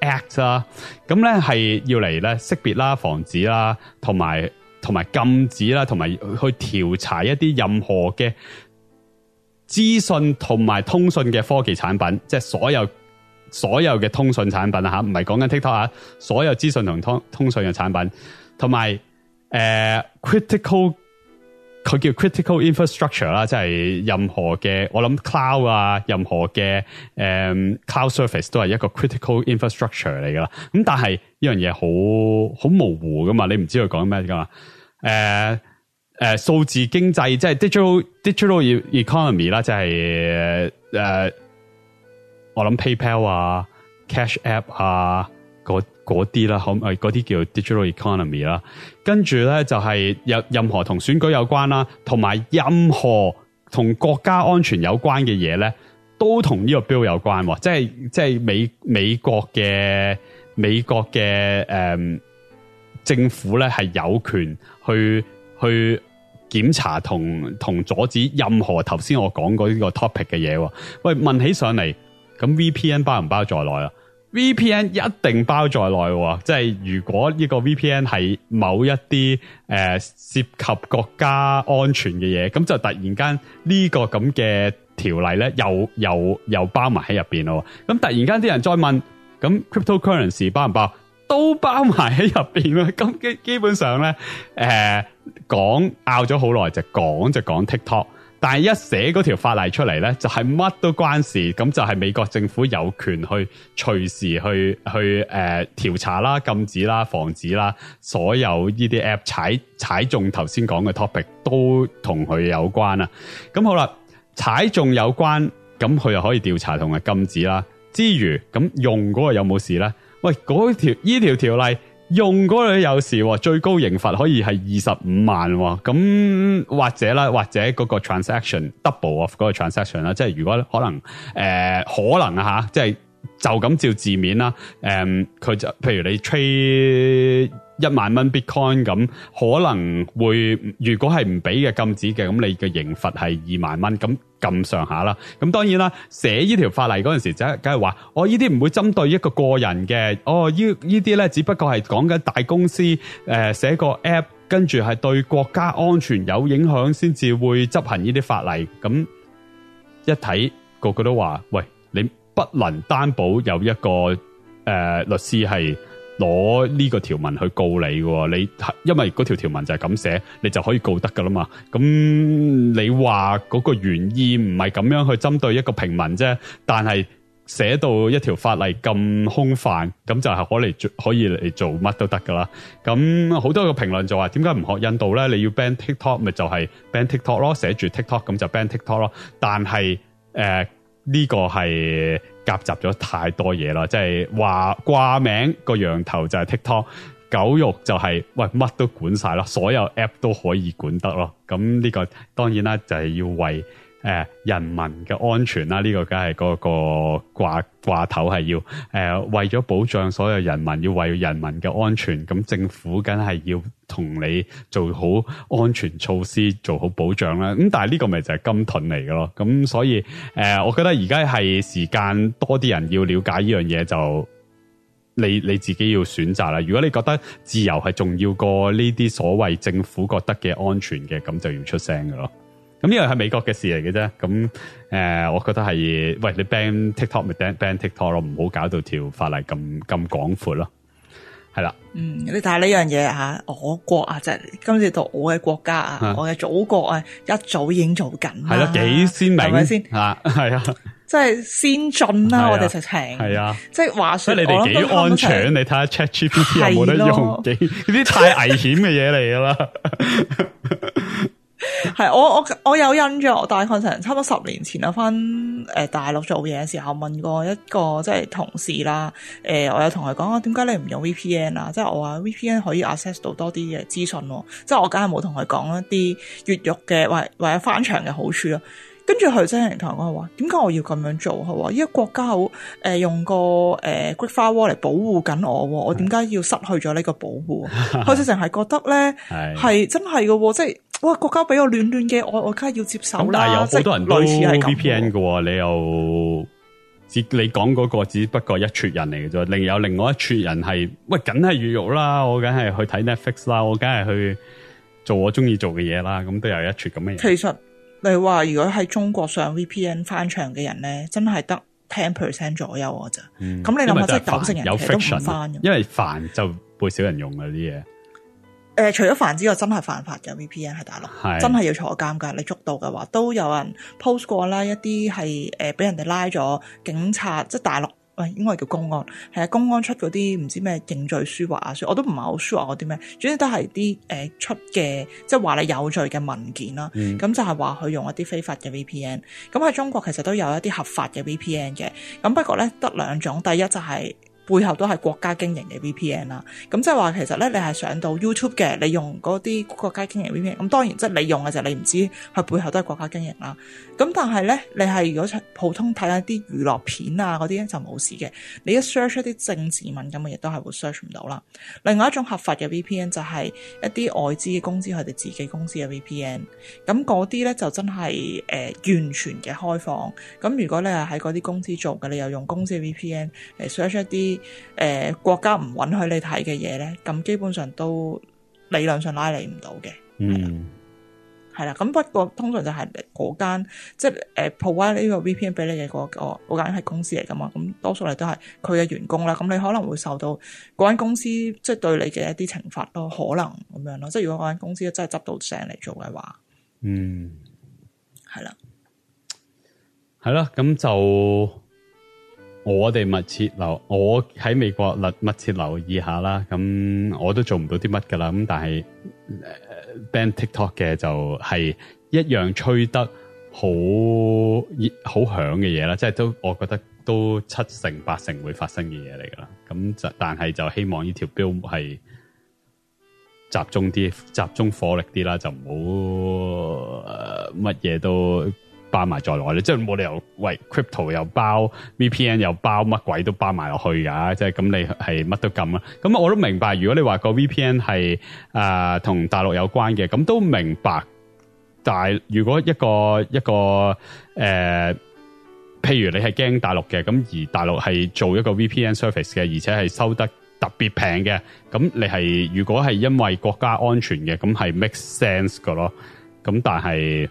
Act 啦。咁咧係要嚟咧識別啦、防止啦，同埋。同埋禁止啦，同埋去調查一啲任何嘅資訊同埋通訊嘅科技產品，即係所有所有嘅通訊產品啊吓，唔係講緊 TikTok 啊，所有資訊同通通訊嘅產品，同埋誒 critical，佢叫 critical infrastructure 啦，即係任何嘅我諗 cloud 啊，任何嘅誒 cloud service 都係一個 critical infrastructure 嚟噶啦，咁但係呢樣嘢好好模糊噶嘛，你唔知佢講咩噶嘛。誒、呃、誒，數、呃、字經濟即係 digital digital economy 啦，即係誒，我諗 PayPal 啊、Cash App 啊，嗰嗰啲啦，可嗰啲叫 digital economy 啦。跟住咧就係、係、有任何同選舉有關啦，同埋任何同國家安全有關嘅嘢咧，都同呢個 bill 有關，啊，即係即係美美國嘅美國嘅誒、嗯、政府咧係有權。去去檢查同同阻止任何頭先我講過呢個 topic 嘅嘢。喂，問起上嚟，咁 VPN 包唔包在內啊？VPN 一定包在內喎。即係如果呢個 VPN 係某一啲誒、呃、涉及國家安全嘅嘢，咁就突然間呢個咁嘅條例咧，又又又包埋喺入邊咯。咁突然間啲人再問，咁 crypto currency 包唔包？都包埋喺入邊啦，咁基基本上咧，誒講拗咗好耐就講就講 TikTok，但係一寫嗰條法例出嚟咧，就係乜都關事，咁就係美國政府有權去隨時去去誒調查啦、禁止啦、防止啦，所有呢啲 app 踩踩中頭先講嘅 topic 都同佢有關啊。咁好啦，踩中有關，咁佢又可以調查同埋禁止啦。之餘咁用嗰個有冇事咧？喂，嗰條依條條例用嗰女有時，最高刑罰可以係二十五萬，咁或者啦，或者嗰個 transaction double of 嗰個 transaction 啦，即係如果可能，誒、呃、可能啊吓，即係。就咁照字面啦，誒，佢就譬如你 trade 一萬蚊 Bitcoin 咁，可能會如果係唔俾嘅、禁止嘅，咁你嘅刑罰係二萬蚊，咁咁上下啦。咁當然啦，寫呢條法例嗰陣時，就梗係話我呢啲唔會針對一個個人嘅，哦，呢呢啲咧只不過係講緊大公司，誒，寫個 app 跟住係對國家安全有影響先至會執行呢啲法例。咁一睇個個都話，喂，你。不能擔保有一個誒律師係攞呢個條文去告你嘅喎，你因為嗰條條文就係咁寫，你就可以告得噶啦嘛。咁你話嗰個原意唔係咁樣去針對一個平民啫，但係寫到一條法例咁空泛，咁就係可嚟做可以嚟做乜都得噶啦。咁好多個評論就話點解唔學印度咧？你要 ban TikTok 咪就係 ban TikTok 咯，寫住 TikTok 咁就 ban TikTok 咯。但係誒。呢、這個係夾雜咗太多嘢啦，即係話掛名個羊頭就係 TikTok，狗肉就係、是、喂乜都管晒咯，所有 app 都可以管得咯，咁呢個當然啦，就係、是、要為。誒、呃，人民嘅安全啦，呢、這個梗係嗰個掛掛頭係要，誒、呃、為咗保障所有人民，要為人民嘅安全，咁政府梗係要同你做好安全措施，做好保障啦。咁但係呢個咪就係金盾嚟嘅咯。咁所以，誒、呃，我覺得而家係時間多啲人要了解呢樣嘢，就你你自己要選擇啦。如果你覺得自由係重要過呢啲所謂政府覺得嘅安全嘅，咁就要出聲嘅咯。咁呢樣係美國嘅事嚟嘅啫，咁誒、呃，我覺得係，喂，你 ban TikTok 咪 ban TikTok 咯，唔好搞到條法例咁咁廣闊咯，係啦。嗯，你但係呢樣嘢吓，我國啊，即、就、係、是、今次到我嘅國家啊，啊我嘅祖國啊，一早已經做緊啦，係咯，幾先進咪先？啊，係啊，即係先進啦，我哋直情係啊，即係話說、就是，你哋幾安全？你睇下 ChatGPT 有冇得用？幾啲太危險嘅嘢嚟噶啦。 [LAUGHS] 係 [LAUGHS] 我我我有印象，我大概成差唔多十年前啊，返誒大陸做嘢嘅時候，問過一個即係同事啦，誒、呃，我有同佢講啊，點解你唔用 VPN 啊？即、就、係、是、我話 VPN 可以 access 到多啲嘅資訊，即、啊、係、就是、我梗係冇同佢講一啲越獄嘅或者或者翻牆嘅好處、啊跟住佢真係同我講：話點解我要咁樣做？佢話依家國家好誒、呃，用個誒骨、呃、花窩嚟保護緊我，我點解要失去咗呢個保護？佢就淨係覺得咧，係 [LAUGHS] 真係嘅，即、就、係、是、哇！國家俾我暖暖嘅，我梗係要接受啦。即係有好多人類似係 VPN 嘅，你又只你講嗰個只不過一撮人嚟嘅啫，另有另外一撮人係喂，梗係越獄啦，我梗係去睇 Netflix 啦，我梗係去做我中意做嘅嘢啦，咁都有一撮咁嘅嘢。其實。你話如果喺中國上 VPN 翻牆嘅人咧，真係得 ten percent 左右啊！咋、嗯？咁你諗下，即係九成人其實都唔翻，fiction，因為煩就會少人用啊啲嘢。誒、呃，除咗煩之外，真係犯法嘅 VPN 喺大陸，真係要坐監噶。你捉到嘅話，都有人 post 過啦，一啲係誒俾人哋拉咗警察，即、就、係、是、大陸。喂，應該叫公安，係啊，公安出嗰啲唔知咩認罪書或啊書，我都唔係好熟嗰啲咩，主要都係啲誒出嘅，即係話你有罪嘅文件啦。咁、嗯、就係話佢用一啲非法嘅 VPN，咁喺中國其實都有一啲合法嘅 VPN 嘅，咁不過咧得兩種，第一就係、是。背後都係國家經營嘅 VPN 啦，咁即係話其實咧，你係上到 YouTube 嘅，你用嗰啲國家經營 VPN，咁當然即係你用嘅就你唔知，佢背後都係國家經營啦。咁但係咧，你係如果普通睇下啲娛樂片啊嗰啲咧就冇事嘅，你一 search 一啲政治敏感嘅嘢都係會 search 唔到啦。另外一種合法嘅 VPN 就係一啲外資嘅公司佢哋自己公司嘅 VPN，咁嗰啲咧就真係誒、呃、完全嘅開放。咁如果你係喺嗰啲公司做嘅，你又用公司嘅 VPN 誒 search 一啲。誒、呃，國家唔允許你睇嘅嘢咧，咁基本上都理論上拉你唔到嘅，係、嗯、啦。咁不過通常就係嗰間，即係誒、呃、provide 呢個 VPN 俾你嘅嗰個間係公司嚟噶嘛。咁多數嚟都係佢嘅員工啦。咁你可能會受到嗰間公司即係、就是、對你嘅一啲懲罰咯，可能咁樣咯。即係如果嗰間公司真係執到正嚟做嘅話，嗯對，係啦，係啦，咁就。我哋密切留，我喺美國，密切留意下啦。咁我都做唔到啲乜噶啦。咁但係，呃，Band TikTok 嘅就係一樣吹得好熱、好響嘅嘢啦。即係都，我覺得都七成八成會發生嘅嘢嚟噶啦。咁但係就希望呢條標係集中啲、集中火力啲啦，就唔好乜嘢都。包埋再來咧，即係冇理由，喂，crypto 又包，VPN 又包，乜鬼都包埋落去噶，即係咁你係乜都禁啊？咁我都明白，如果你話個 VPN 係誒同大陸有關嘅，咁都明白。但係如果一個一個誒、呃，譬如你係驚大陸嘅，咁而大陸係做一個 VPN service 嘅，而且係收得特別平嘅，咁你係如果係因為國家安全嘅，咁係 make sense 噶咯。咁但係。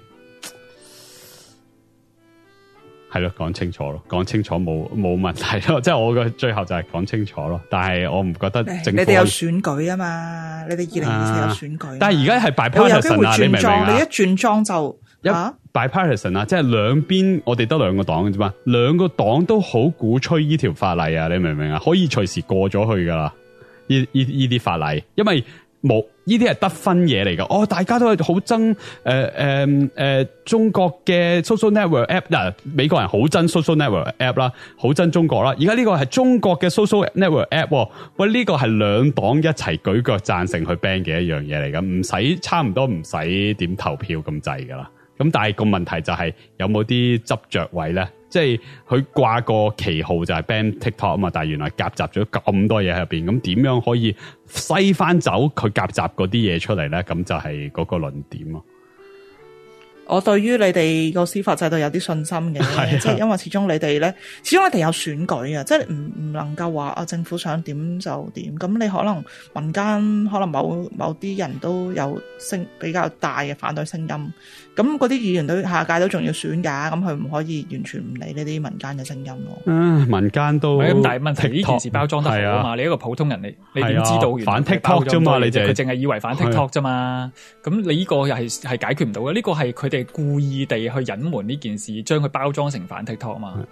係咯，講清楚咯，講清楚冇冇問題咯，即係我嘅最後就係講清楚咯。但係我唔覺得，你哋有選舉啊嘛，啊你哋二零二四有選舉嘛。但係而家係 bipartisan 啊，你明唔明啊？你一轉裝就一 bipartisan 啊，即係兩邊我哋得兩個黨嘅啫嘛，兩個黨都好鼓吹呢條法例啊，你明唔明啊？可以隨時過咗去噶啦，呢呢呢啲法例，因為。冇，呢啲係得分嘢嚟㗎。哦，大家都係好憎，誒誒誒，中國嘅 social network app 嗱、呃，美國人好憎 social network app 啦，好憎中國啦。而家呢個係中國嘅 social network app，喂、哦、呢、呢個係兩黨一齊舉腳贊成去 ban 嘅一樣嘢嚟噶，唔使差唔多唔使點投票咁滯噶啦。咁但係個問題就係、是、有冇啲執着位咧？即係佢掛個旗號就係 Band TikTok 啊嘛，但係原來夾雜咗咁多嘢喺入邊，咁點樣可以篩翻走佢夾雜嗰啲嘢出嚟咧？咁就係嗰個論點啊我對於你哋個司法制度有啲信心嘅，即係因為始終你哋咧，始終你哋有選舉啊，即係唔唔能夠話啊政府想點就點。咁你可能民間可能某某啲人都有聲比較大嘅反對聲音，咁嗰啲議員都下屆都仲要選㗎，咁佢唔可以完全唔理呢啲民間嘅聲音咯。嗯、啊，民間都唔係咁大嘅問題。TikTok, 件事包裝得好嘛，你一個普通人你你點知道原嚟反 TikTok 啫嘛？你佢淨係以為反 TikTok 啫嘛。咁你呢個又係係解決唔到嘅，呢、呢個係佢。故意地去隱瞞呢件事，將佢包裝成反 TikTok 嘛？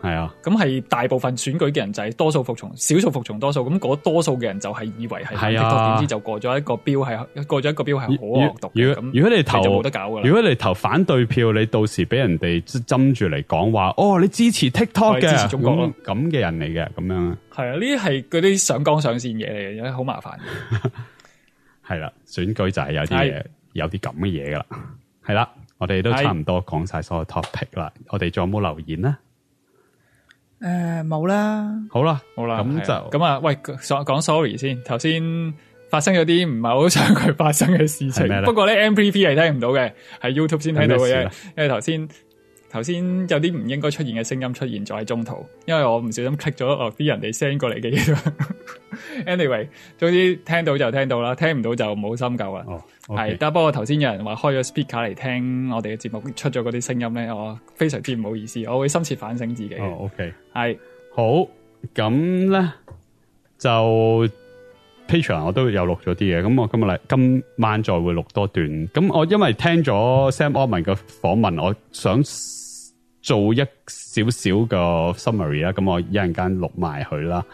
係啊，咁係大部分選舉嘅人就係多數服從，少數服從多數。咁嗰多數嘅人就係以為係反 TikTok 係啊，點知就過咗一個標，係過咗一個標係好惡毒。咁如，如，如果你投你就冇得搞噶啦。如果你投反對票，你到時俾人哋針住嚟講話哦，你支持 TikTok 嘅咁嘅人嚟嘅咁樣。係啊，呢啲係嗰啲上綱上線嘅嘢，好麻煩。係 [LAUGHS] 啦、啊，選舉就係有啲嘢，有啲咁嘅嘢噶啦。係啦，我哋都差唔多講晒所有 topic 啦。我哋仲有冇留言啦誒，冇、呃、啦。好啦，好啦，咁就咁啊。喂，講 sorry 先，頭先發生咗啲唔係好想佢發生嘅事情。呢不過咧，M P V 係睇唔到嘅，係 YouTube 先睇到嘅。因為頭先。頭先有啲唔應該出現嘅聲音出現咗喺中途，因為我唔小心 click 咗哦啲人哋 send 過嚟嘅嘢。Anyway，總之聽到就聽到啦，聽唔到就冇深究啦。哦，係。但係不過頭先有人話開咗 speaker 嚟聽我哋嘅節目，出咗嗰啲聲音咧，我非常之唔好意思，我會深切反省自己。哦，OK，係好。咁咧就 Patreon 我都有錄咗啲嘢，咁我今日嚟今晚再會錄多段。咁我因為聽咗 Sam Altman 嘅訪問，我想，做一少少個 summary 啦，咁我一陣間錄埋佢啦。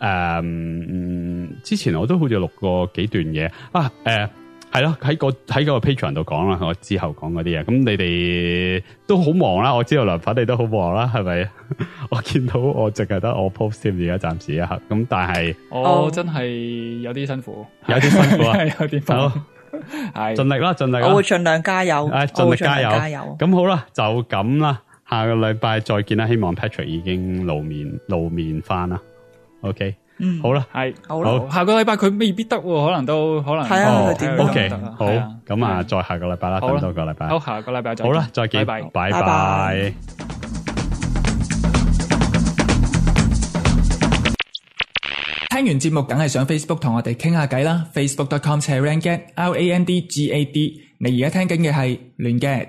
誒，之前我都好似錄過幾段嘢啊。誒、呃，係咯，喺、嗰個喺個 page 上度講啦。我之後講嗰啲嘢，咁你哋都好忙啦。我知道林反哋都好忙啦，係咪？ [LAUGHS] 我見到我淨係得我 post 添而家暫時一刻，咁但係我真係有啲辛苦，有啲辛苦啊， [LAUGHS] 有啲辛苦，係盡力啦，盡力，我會盡量加油，誒、哎，盡力加油加油。咁好啦，就咁啦。下個禮拜再見啦，希望 Patrick 已經露面露面翻啦。OK，嗯，好啦，係好啦。下個禮拜佢未必得，可能都可能係啊。O K，好，咁啊，再下個禮拜啦，等多個禮拜。好，下個禮拜好啦，再見，拜拜，拜拜。聽完節目，梗係上 Facebook 同我哋傾下偈啦。Facebook.com/rangad, L-A-N-D-G-A-D，你而家聽緊嘅係亂 get。